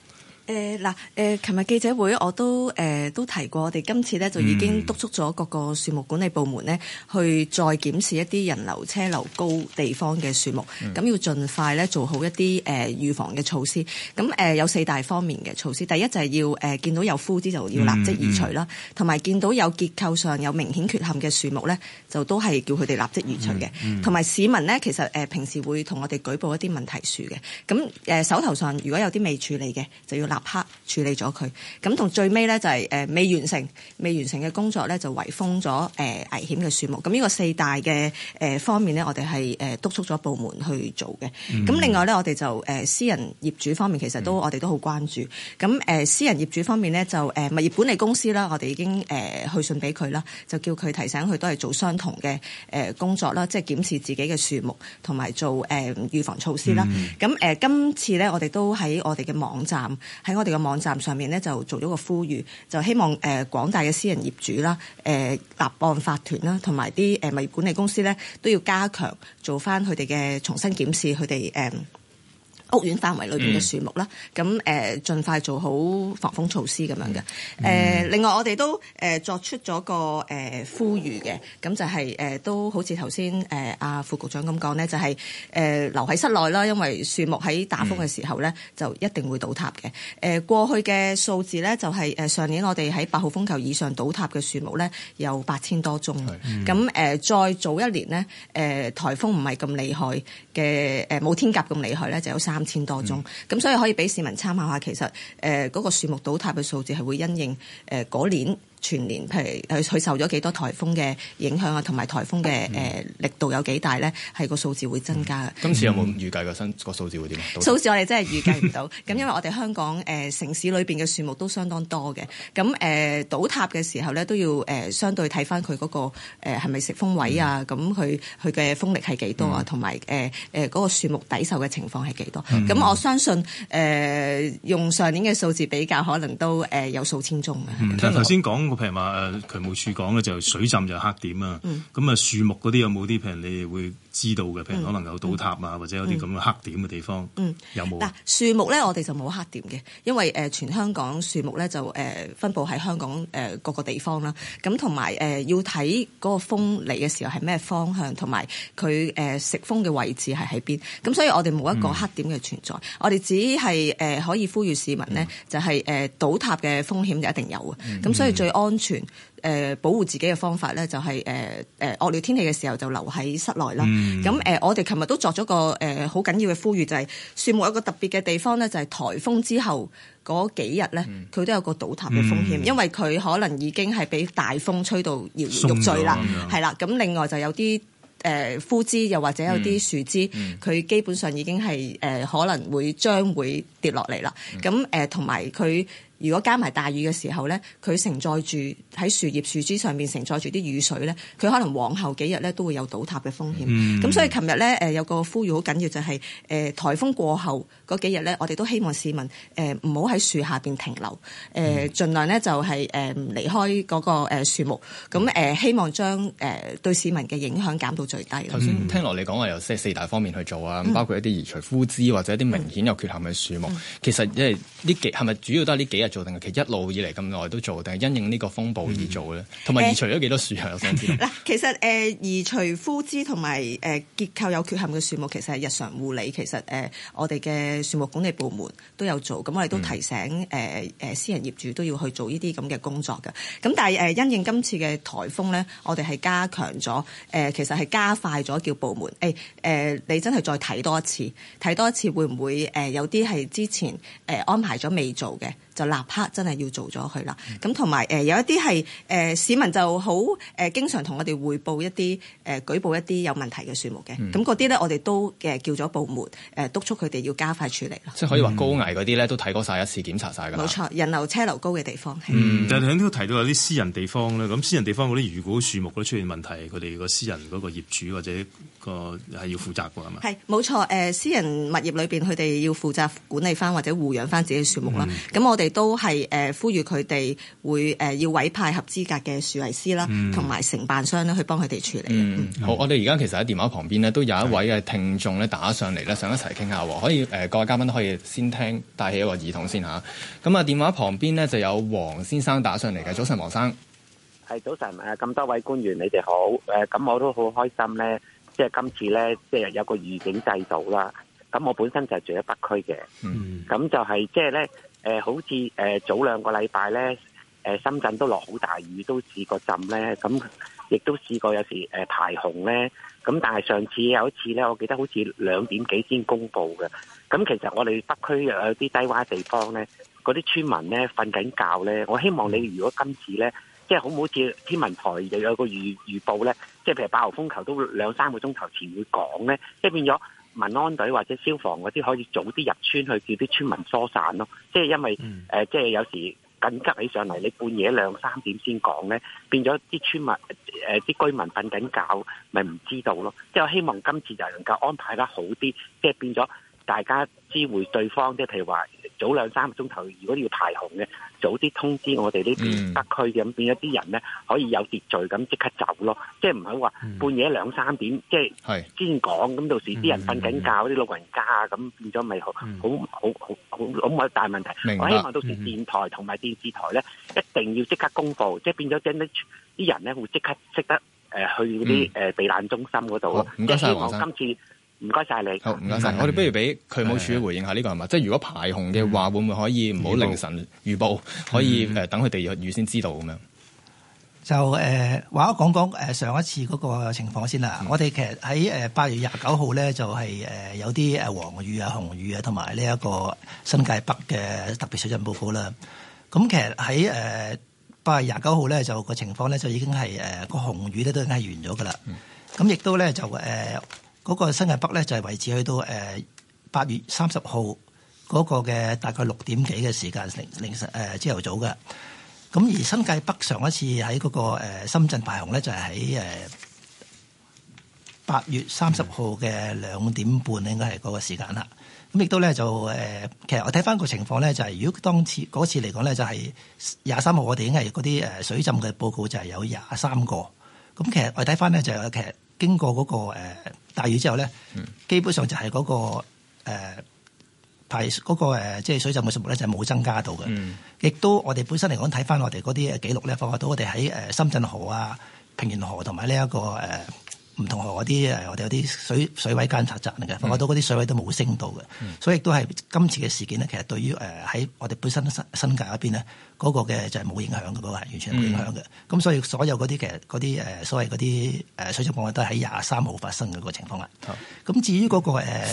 誒嗱，誒琴日記者會我都誒、呃、都提過，我哋今次咧、嗯、就已經督促咗各個樹木管理部門咧，去再檢視一啲人流車流高地方嘅樹木，咁、嗯、要盡快咧做好一啲誒、呃、預防嘅措施。咁、呃、誒有四大方面嘅措施，第一就係要誒、呃、見到有枯枝就要立即移除啦，同埋、嗯嗯、見到有結構上有明顯缺陷嘅樹木咧，就都係叫佢哋立即移除嘅。同埋、嗯嗯、市民咧，其實誒、呃、平時會同我哋舉報一啲問題樹嘅，咁誒、呃、手頭上如果有啲未處理嘅，就要立拍處理咗佢，咁同最尾咧就係誒未完成、未完成嘅工作咧就圍封咗誒危險嘅樹木。咁呢個四大嘅誒、呃、方面咧，我哋係誒督促咗部門去做嘅。咁、嗯、另外咧，我哋就誒、呃、私人業主方面，其實都、嗯、我哋都好關注。咁誒、呃、私人業主方面咧，就誒物業管理公司啦，我哋已經誒、呃、去信俾佢啦，就叫佢提醒佢都係做相同嘅誒、呃、工作啦，即、就、係、是、檢視自己嘅樹木同埋做誒、呃、預防措施啦。咁誒、嗯呃、今次咧，我哋都喺我哋嘅網站。喺我哋嘅網站上面咧，就做咗個呼籲，就希望誒廣、呃、大嘅私人業主啦、誒、呃、立案法團啦，同埋啲誒物業管理公司咧，都要加強做翻佢哋嘅重新檢視佢哋誒。屋苑範圍裏邊嘅樹木啦，咁誒、嗯嗯、盡快做好防風措施咁樣嘅。誒、嗯、另外我哋都誒作出咗個誒呼籲嘅，咁就係、是、誒都好似頭先誒阿副局長咁講咧，就係、是、誒留喺室內啦，因為樹木喺打風嘅時候咧就一定會倒塌嘅。誒、嗯、過去嘅數字咧就係誒上年我哋喺八號風球以上倒塌嘅樹木咧有八千多宗，咁誒是、嗯、再早一年咧誒颱風唔係咁厲害嘅誒冇天鴿咁厲害咧就有三。千多宗，咁、嗯、所以可以俾市民參考下，其實誒，嗰、呃嗰個樹木倒塌嘅數字係會因應誒嗰、呃、年。全年，譬如佢受咗幾多颱風嘅影響啊，同埋颱風嘅誒、呃、力度有幾大咧？係個數字會增加的、嗯。今次有冇預計過個新、嗯、數字會點？數字我哋真係預計唔到。咁 (laughs) 因為我哋香港誒、呃、城市裏邊嘅樹木都相當多嘅。咁誒、呃、倒塌嘅時候咧，都要誒、呃、相對睇翻佢嗰個係咪、呃、食風位、嗯、啊？咁佢佢嘅風力係幾多啊？同埋誒誒嗰個樹木抵受嘅情況係幾多？咁、嗯、我相信誒、呃、用上年嘅數字比較可能都誒有數千宗啊。嗯，聽頭先講。譬如話誒渠務署講嘅就水浸就黑點啊，咁啊、嗯、樹木嗰啲有冇啲譬如你會知道嘅？譬如可能有倒塌啊，嗯、或者有啲咁嘅黑點嘅地方，嗯、有冇？嗱樹木咧，我哋就冇黑點嘅，因為誒、呃、全香港樹木咧就誒、呃、分布喺香港誒、呃、各個地方啦。咁同埋誒要睇嗰個風嚟嘅時候係咩方向，同埋佢誒食風嘅位置係喺邊。咁所以我哋冇一個黑點嘅存在，嗯、我哋只係誒、呃、可以呼籲市民咧，嗯、就係、是、誒、呃、倒塌嘅風險就一定有嘅。咁、嗯、所以最安全誒、呃、保護自己嘅方法咧，就係誒誒惡劣天氣嘅時候就留喺室內啦。咁誒、嗯呃，我哋琴日都作咗個誒好緊要嘅呼籲，就係、是、樹木有一個特別嘅地方咧，就係、是、颱風之後嗰幾日咧，佢、嗯、都有一個倒塌嘅風險，嗯嗯、因為佢可能已經係畀大風吹到搖搖欲墜啦。係啦，咁、嗯、另外就有啲誒、呃、枯枝，又或者有啲樹枝，佢、嗯嗯、基本上已經係誒、呃、可能會將會跌落嚟啦。咁誒同埋佢。如果加埋大雨嘅時候咧，佢承載住喺樹葉樹枝上面承載住啲雨水咧，佢可能往後幾日咧都會有倒塌嘅風險。咁、嗯、所以琴日咧，有個呼籲好緊要，就是，就係誒颱風過後嗰幾日咧，我哋都希望市民誒唔好喺樹下邊停留，誒、呃、儘、嗯、量咧就係誒離開嗰、嗰個樹、呃、木。咁、呃、希望將誒、呃、對市民嘅影響減到最低。頭先、嗯、聽落嚟講，話，有四大方面去做啊，包括一啲移除枯枝或者一啲明顯有缺陷嘅樹木。嗯嗯、其實即呢幾係咪主要都係呢幾日？做定係其實一路以嚟咁耐都做，定係因應呢個風暴而做咧。同埋、嗯、移除咗幾多樹啊？欸、我想知。嗱，其實誒、呃、移除枯枝同埋誒結構有缺陷嘅樹木，其實係日常護理，其實誒、呃、我哋嘅樹木管理部門都有做。咁我哋都提醒誒誒、嗯呃、私人業主都要去做呢啲咁嘅工作㗎。咁但係誒、呃、因應今次嘅颱風咧，我哋係加強咗誒、呃，其實係加快咗叫部門誒誒、欸呃，你真係再睇多一次，睇多一次會唔會誒有啲係之前誒、呃、安排咗未做嘅就留。真係要做咗佢啦，咁同埋誒有一啲係誒市民就好誒、呃、經常同我哋匯報一啲誒、呃、舉報一啲有問題嘅樹木嘅，咁嗰啲咧我哋都誒叫咗部門誒、呃、督促佢哋要加快處理咯。即係可以話高危嗰啲咧都睇過晒一次檢查晒㗎。冇、嗯、錯，人流車流高嘅地方。嗯，就響都提到有啲私人地方咧，咁私人地方嗰啲如果樹木都出現問題，佢哋個私人嗰個業主或者個係要負責㗎嘛。係冇錯，誒、呃、私人物業裏邊佢哋要負責管理翻或者護養翻自己樹木啦。咁、嗯、我哋都。都係誒呼籲佢哋會誒要委派合資格嘅樹藝師啦，同埋、嗯、承辦商咧去幫佢哋處理。嗯，好，我哋而家其實喺電話旁邊咧都有一位嘅聽眾咧打上嚟咧，的想一齊傾下。可以誒，各位嘉賓可以先聽帶起一個耳筒先吓。咁啊，電話旁邊咧就有黃先生打上嚟嘅。早晨，黃生。係早晨誒，咁多位官員你哋好誒，咁、呃、我都好開心咧。即、就、係、是、今次咧，即、就、係、是、有個預警制度啦。咁我本身就係住喺北區嘅，咁、嗯、就係即係咧。就是呢誒、呃，好似誒、呃、早兩個禮拜咧，誒、呃、深圳都落好大雨，都試過浸咧，咁亦都試過有時誒、呃、排洪咧，咁但係上次有一次咧，我記得好似兩點幾先公布嘅，咁其實我哋北區有啲低窪地方咧，嗰啲村民咧瞓緊覺咧，我希望你如果今次咧，即係好唔好似天文台又有個預預報咧，即係譬如八號風球都兩三個鐘頭前會講咧，即係變咗。民安隊或者消防嗰啲可以早啲入村去叫啲村民疏散咯，即係因為、嗯呃、即係有時緊急起上嚟，你半夜兩三點先講咧，變咗啲村民啲、呃、居民瞓緊覺，咪唔知道咯。即係我希望今次就能夠安排得好啲，即係變咗大家知會對方，即係譬如話。早兩三個鐘頭，如果要排洪嘅，早啲通知我哋呢邊北區嘅，咁變咗啲人咧可以有秩序咁即刻走咯。即係唔係話半夜兩三點，嗯、即係先講。咁是到時啲人瞓緊覺，啲、嗯、老人家啊，咁變咗咪、嗯、好好好好好咁大問題。白我希望到時電台同埋電視台咧一定要即刻公布，即係變咗真啲啲人咧會即刻識得誒去嗰啲誒避難中心嗰度咯。唔該曬黃生。唔該曬你，好唔該曬。謝謝 mm hmm. 我哋不如俾渠務署回應下呢、呢個係嘛？即係、mm hmm. 如果排洪嘅話，mm hmm. 會唔會可以唔好凌晨預報，預報可以等佢哋預先知道咁樣？Mm hmm. 就、呃、話我講講上一次嗰個情況先啦。Mm hmm. 我哋其實喺誒八月廿九號咧，就係、係、有啲黃雨啊、紅雨啊，同埋呢一個新界北嘅特別水浸報告啦。咁其實喺誒八月廿九號咧，就個情況咧，就已經係個紅雨咧都已經係完咗噶啦。咁亦、mm hmm. 都咧就、呃嗰個新界北咧就係維持去到誒八月三十號嗰個嘅大概六點幾嘅時間，零凌晨誒朝頭早嘅。咁而新界北上一次喺嗰、那個、呃、深圳排洪咧，就係喺誒八月三十號嘅兩點半應應該係嗰個時間啦。咁亦都咧就、呃、其實我睇翻個情況咧，就係、是、如果當次嗰次嚟講咧，就係廿三號我哋應該係嗰啲水浸嘅報告就係有廿三個。咁其實我睇翻咧就係其實經過嗰個誒大雨之後咧，嗯、基本上就係嗰、那個排嗰、呃那個即係水浸嘅數目咧，就冇增加到嘅。亦、嗯、都我哋本身嚟講睇翻我哋嗰啲記錄咧，發覺到我哋喺誒深圳河啊、平原河同埋呢一個誒。呃唔同學我啲我哋有啲水水位監察站嚟嘅，我睇到嗰啲水位都冇升到嘅，嗯、所以亦都係今次嘅事件呢，其實對於誒喺我哋本身新新界邊邊咧，嗰、嗰個嘅就係冇影響嘅，嗰、嗰個完全冇影響嘅。咁、嗯、所以所有嗰啲其實嗰啲所謂嗰啲水浸報告都喺廿三號發生嘅、嗰個情況啦。咁好至於嗰、嗰個誒、呃、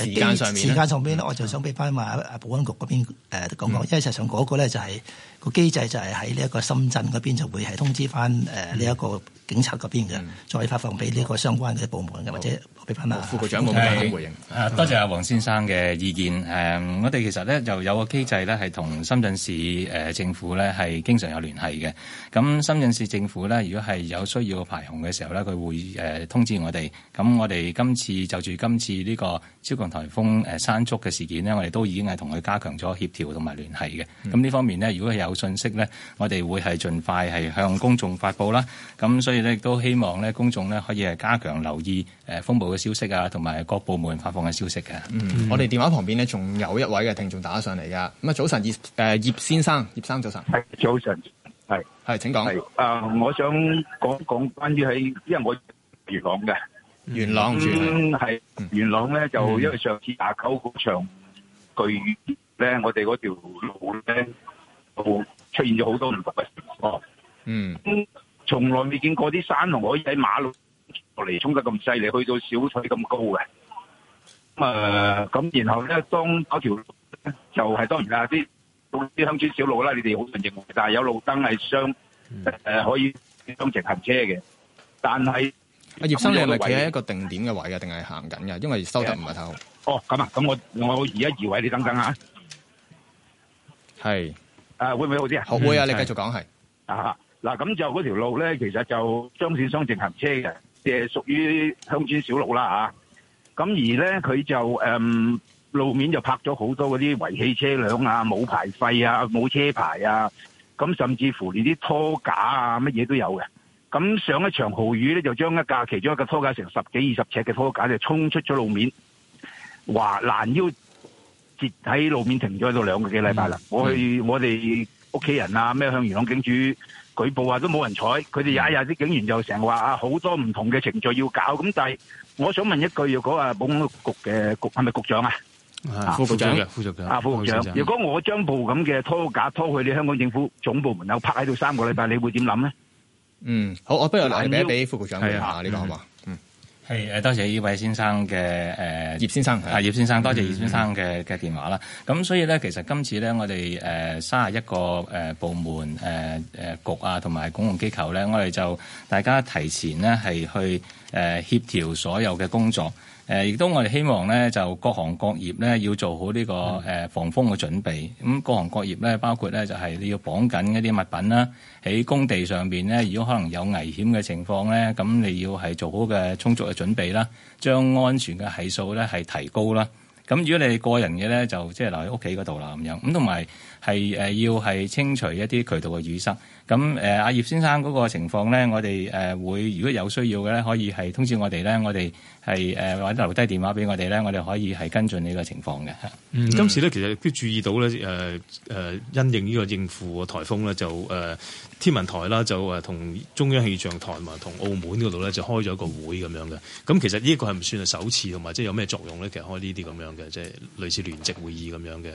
時間上面咧，我就想俾翻埋保安局嗰邊誒講講，嗯、因為實上嗰個咧就係、係。個機制就係喺呢一個深圳嗰邊，就會係通知翻誒呢一個警察嗰邊嘅，嗯、再發放俾呢個相關嘅部門嘅，嗯、或者。副局長冇咩問題，回應誒，多謝阿黃先生嘅意見。誒的、嗯，我哋其實咧就有個機制咧，係同深圳市誒政府咧係經常有聯繫嘅。咁深圳市政府咧，如果係有需要排洪嘅時候咧，佢會誒通知我哋。咁我哋今次就住今次呢個超強颱風誒山竹嘅事件呢，我哋都已經係同佢加強咗協調同埋聯繫嘅。咁呢方面呢，如果係有信息呢，我哋會係盡快係向公眾發布啦。咁所以咧，亦都希望咧，公眾咧可以係加強留意。誒風暴嘅消息啊，同埋各部門發放嘅消息嘅。嗯，我哋電話旁邊咧仲有一位嘅聽眾打上嚟噶。咁啊，早晨葉誒、呃、葉先生，葉生早晨。係早晨，係係請講。係啊、呃，我想講講關於喺因為我元朗嘅元朗住、嗯、元朗咧，嗯、就因為上次打九號嗰場巨雨咧，我哋嗰條路咧，好出現咗好多唔同嘅情況。哦、嗯，從來未見過啲山洪可以喺馬路，嚟衝得咁犀利，嚟去到小腿咁高嘅咁啊！咁然後咧，當嗰條路就係當然啦啲啲鄉村小路啦，你哋好認同，但係有路燈係雙誒可以雙直行車嘅。但係阿葉生，你係咪企喺一個定點嘅位啊？定係行緊噶？因為收得唔係太好。哦，咁啊，咁我我移一移位，你等等嚇。係啊，會唔會好啲啊？會啊，你繼續講係啊。嗱，咁就嗰條路咧，其實就雙線雙直行車嘅。係屬於鄉村小路啦、啊、嚇，咁、啊、而咧佢就誒、嗯、路面就泊咗好多嗰啲遺棄車輛啊、冇牌費啊、冇車牌啊，咁、啊、甚至乎連啲拖架啊乜嘢都有嘅。咁、啊、上一場豪雨咧，就將一架其中一架拖架成十幾二十尺嘅拖架就衝出咗路面，話攔腰截喺路面停咗到兩個幾禮拜啦。嗯、我去、嗯、我哋屋企人啊，咩向元朗警署。舉報啊，都冇人睬，佢哋日日啲警員就成日話啊，好多唔同嘅程序要搞，咁但係我想問一句，如果啊保安局嘅局係咪局長啊副局長嘅副局長啊副局長，如果我將部咁嘅拖架拖去你香港政府總部門口，拍喺度三個禮拜，你會點諗咧？嗯，好，我不如嚟俾俾副局長講下呢個好嘛？係多謝呢位先生嘅誒，葉先生啊，葉先生，多謝葉先生嘅嘅、嗯嗯、電話啦。咁所以咧，其實今次咧，我哋誒三十一個誒、呃、部門誒誒、呃呃、局啊，同埋公共機構咧，我哋就大家提前咧係去誒、呃、協調所有嘅工作。誒，亦都我哋希望咧，就各行各業咧要做好呢個防風嘅準備。咁各行各業咧，包括咧就係你要綁緊一啲物品啦，喺工地上面咧，如果可能有危險嘅情況咧，咁你要係做好嘅充足嘅準備啦，將安全嘅系數咧係提高啦。咁如果你係個人嘅咧，就即係留喺屋企嗰度啦咁樣。咁同埋。係誒要係清除一啲渠道嘅淤塞，咁誒阿葉先生嗰個情況咧，我哋誒會如果有需要嘅咧，可以係通知我哋咧，我哋係或者留低電話俾我哋咧，我哋可以係跟進呢個情況嘅。嗯，今次咧其實都注意到咧誒誒因應呢個應付個颱風咧，就誒、呃、天文台啦，就誒同中央氣象台同同澳門嗰度咧，就開咗一個會咁樣嘅。咁其實呢個係唔算係首次，同埋即係有咩作用咧？其實開呢啲咁樣嘅，即係類似聯席會議咁樣嘅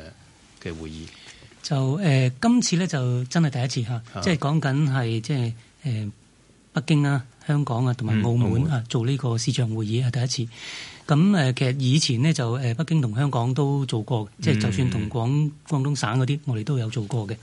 嘅會議。就誒、呃、今次咧就真係第一次、啊、即係講緊係即係誒、呃、北京啊、香港啊同埋澳門啊、嗯、澳門啊做呢個視像會議係、啊、第一次。咁、呃、其實以前呢，就、呃、北京同香港都做過，即係、嗯、就算同廣廣東省嗰啲我哋都有做過嘅。咁、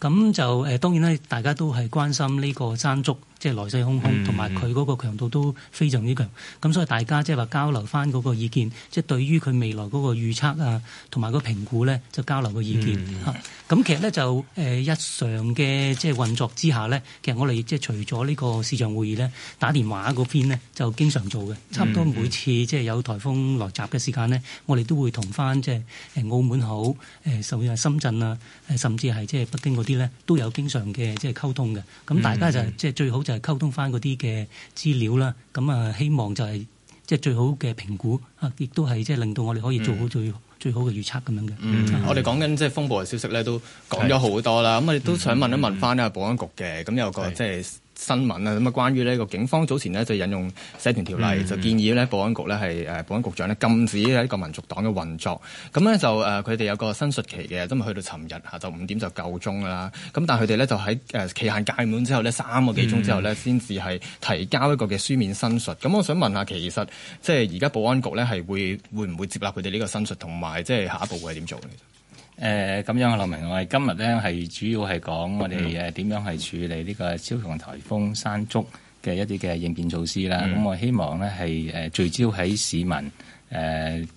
嗯、就誒、呃、當然咧，大家都係關心呢個山竹即係來勢洶洶同埋佢嗰個強度都非常之強，咁、mm hmm. 所以大家即係話交流翻嗰個意見，即、就、係、是、對於佢未來嗰個預測啊，同埋個評估咧，就交流個意見吓，咁、mm hmm. 啊、其實咧就誒、呃、日常嘅即係運作之下咧，其實我哋即係除咗呢個視像會議咧，打電話嗰邊咧就經常做嘅。差唔多每次即係有台風來襲嘅時間咧，我哋都會同翻即係誒澳門好誒甚至係深圳啊，誒甚至係即係北京嗰啲咧都有經常嘅即係溝通嘅。咁、mm hmm. 大家就即係最好。就係溝通翻嗰啲嘅資料啦，咁啊希望就係即係最好嘅評估啊，亦都係即係令到我哋可以做好最、嗯、最好嘅預測咁樣嘅。嗯，是我哋講緊即係風暴嘅消息咧，都講咗好多啦。咁是我哋都想問一問翻咧保安局嘅，咁是有個即、就、係、是。新聞啦，咁啊關於呢個警方早前呢就引用社團條例，嗯、就建議呢保安局呢係誒保安局長咧禁止呢一個民族黨嘅運作。咁呢、呃，就誒佢哋有個申述期嘅，咁咪去到尋日下晝五點就夠鐘㗎啦。咁但係佢哋呢，就喺誒期限屆滿之後呢三個幾鐘之後呢，先至係提交一個嘅書面申述。咁我想問下，其實即係而家保安局呢係會會唔會接納佢哋呢個申述，同埋即係下一步會係點做嘅？誒咁樣，劉明、呃，我哋今日咧係主要係講我哋誒點樣係處理呢個超強颱風山竹嘅一啲嘅應變措施啦。咁、嗯、我希望咧係誒聚焦喺市民誒。呃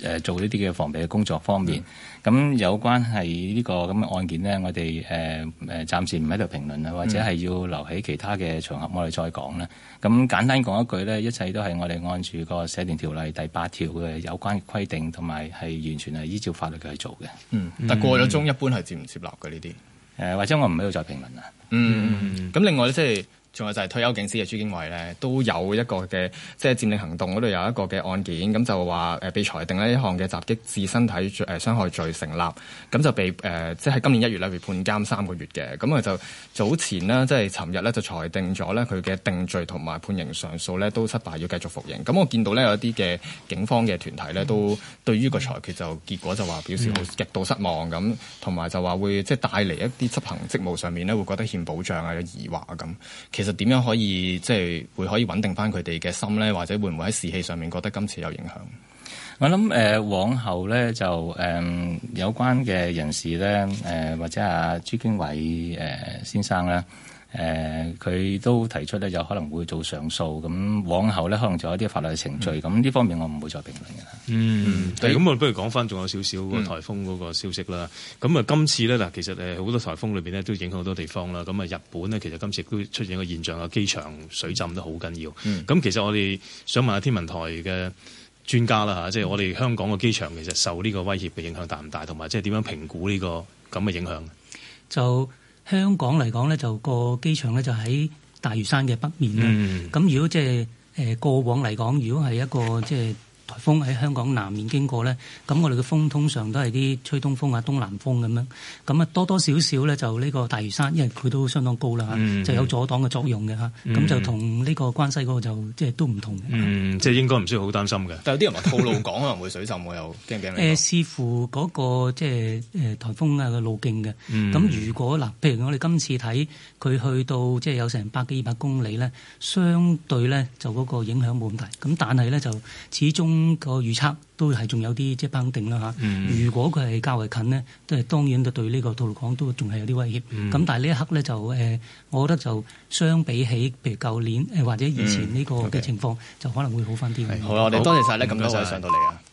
誒做呢啲嘅防備嘅工作方面，咁有關係呢個咁嘅案件呢，我哋誒誒暫時唔喺度評論啦，或者係要留喺其他嘅場合我哋再講啦。咁簡單講一句呢，一切都係我哋按住個社團條例第八條嘅有關規定，同埋係完全係依照法律去做嘅。嗯，但過咗鐘，一般係接唔接納嘅呢啲誒，或者我唔喺度再評論啦。嗯，咁另外呢、即係，即係。仲有就係退休警司嘅朱經緯咧，都有一個嘅即係佔領行動嗰度有一個嘅案件，咁就話被裁定呢一項嘅襲擊致身體傷害罪成立，咁就被誒即係今年一月呢被判監三個月嘅，咁佢就早前呢，即係尋日咧就裁定咗咧佢嘅定罪同埋判刑上訴咧都失敗，要繼續服刑。咁我見到呢，有啲嘅警方嘅團體呢，都對於個裁決就結果就話表示好極度失望咁，同埋就話會即係、就是、帶嚟一啲執行職務上面呢，會覺得欠保障啊、有疑惑啊咁。那其實點樣可以即係會可以穩定返佢哋嘅心咧？或者會唔會喺士氣上面覺得今次有影響？我諗誒、呃，往後咧就誒、呃、有關嘅人士咧誒、呃，或者阿、啊、朱經偉誒、呃、先生咧。誒佢、呃、都提出咧，有可能會做上訴。咁往後咧，可能就有一啲法律程序。咁呢、嗯、方面我唔會再評論嘅啦。嗯，咁對我不如講翻，仲有少少嗰個颱風嗰個消息啦。咁啊、嗯，今次呢，嗱，其實誒好多颱風裏邊咧都影響好多地方啦。咁啊，日本呢，其實今次都出現個現象，個機場水浸都好緊要。咁、嗯、其實我哋想問下天文台嘅專家啦嚇，即、就、係、是、我哋香港嘅機場其實受呢個威脅嘅影響大唔大？同埋即係點樣評估呢個咁嘅影響？就香港嚟講咧，就個機場咧就喺大嶼山嘅北面啦。咁、嗯、如果即係誒過往嚟講，如果係一個即係。颱風喺香港南面經過咧，咁我哋嘅風通常都係啲吹東風啊、東南風咁樣，咁啊多多少少咧就呢個大嶼山，因為佢都相當高啦吓，嗯、就有阻擋嘅作用嘅吓，咁、嗯、就同呢個關西嗰個就即係都唔同嘅。嗯，即係吧應該唔需要好擔心嘅。但有啲人話吐露港可能會水浸，我又驚唔驚，誒誒、呃，視乎嗰、那個即係誒颱風啊嘅路徑嘅。咁、嗯、如果嗱、呃，譬如我哋今次睇佢去到即係有成百幾二百公里咧，相對咧就嗰個影響冇咁大。咁但係咧就始終。個預測都係仲有啲即係不穩定啦吓，嗯嗯嗯嗯、如果佢係較為近呢，都係當然就對呢個道路講都仲係有啲威脅。咁但係呢一刻咧就誒，我覺得就相比起譬如舊年誒或者以前呢個嘅情況，嗯、okay, 就可能會好翻啲。好啦，我哋好多謝晒咧，咁多位上到嚟啊！謝謝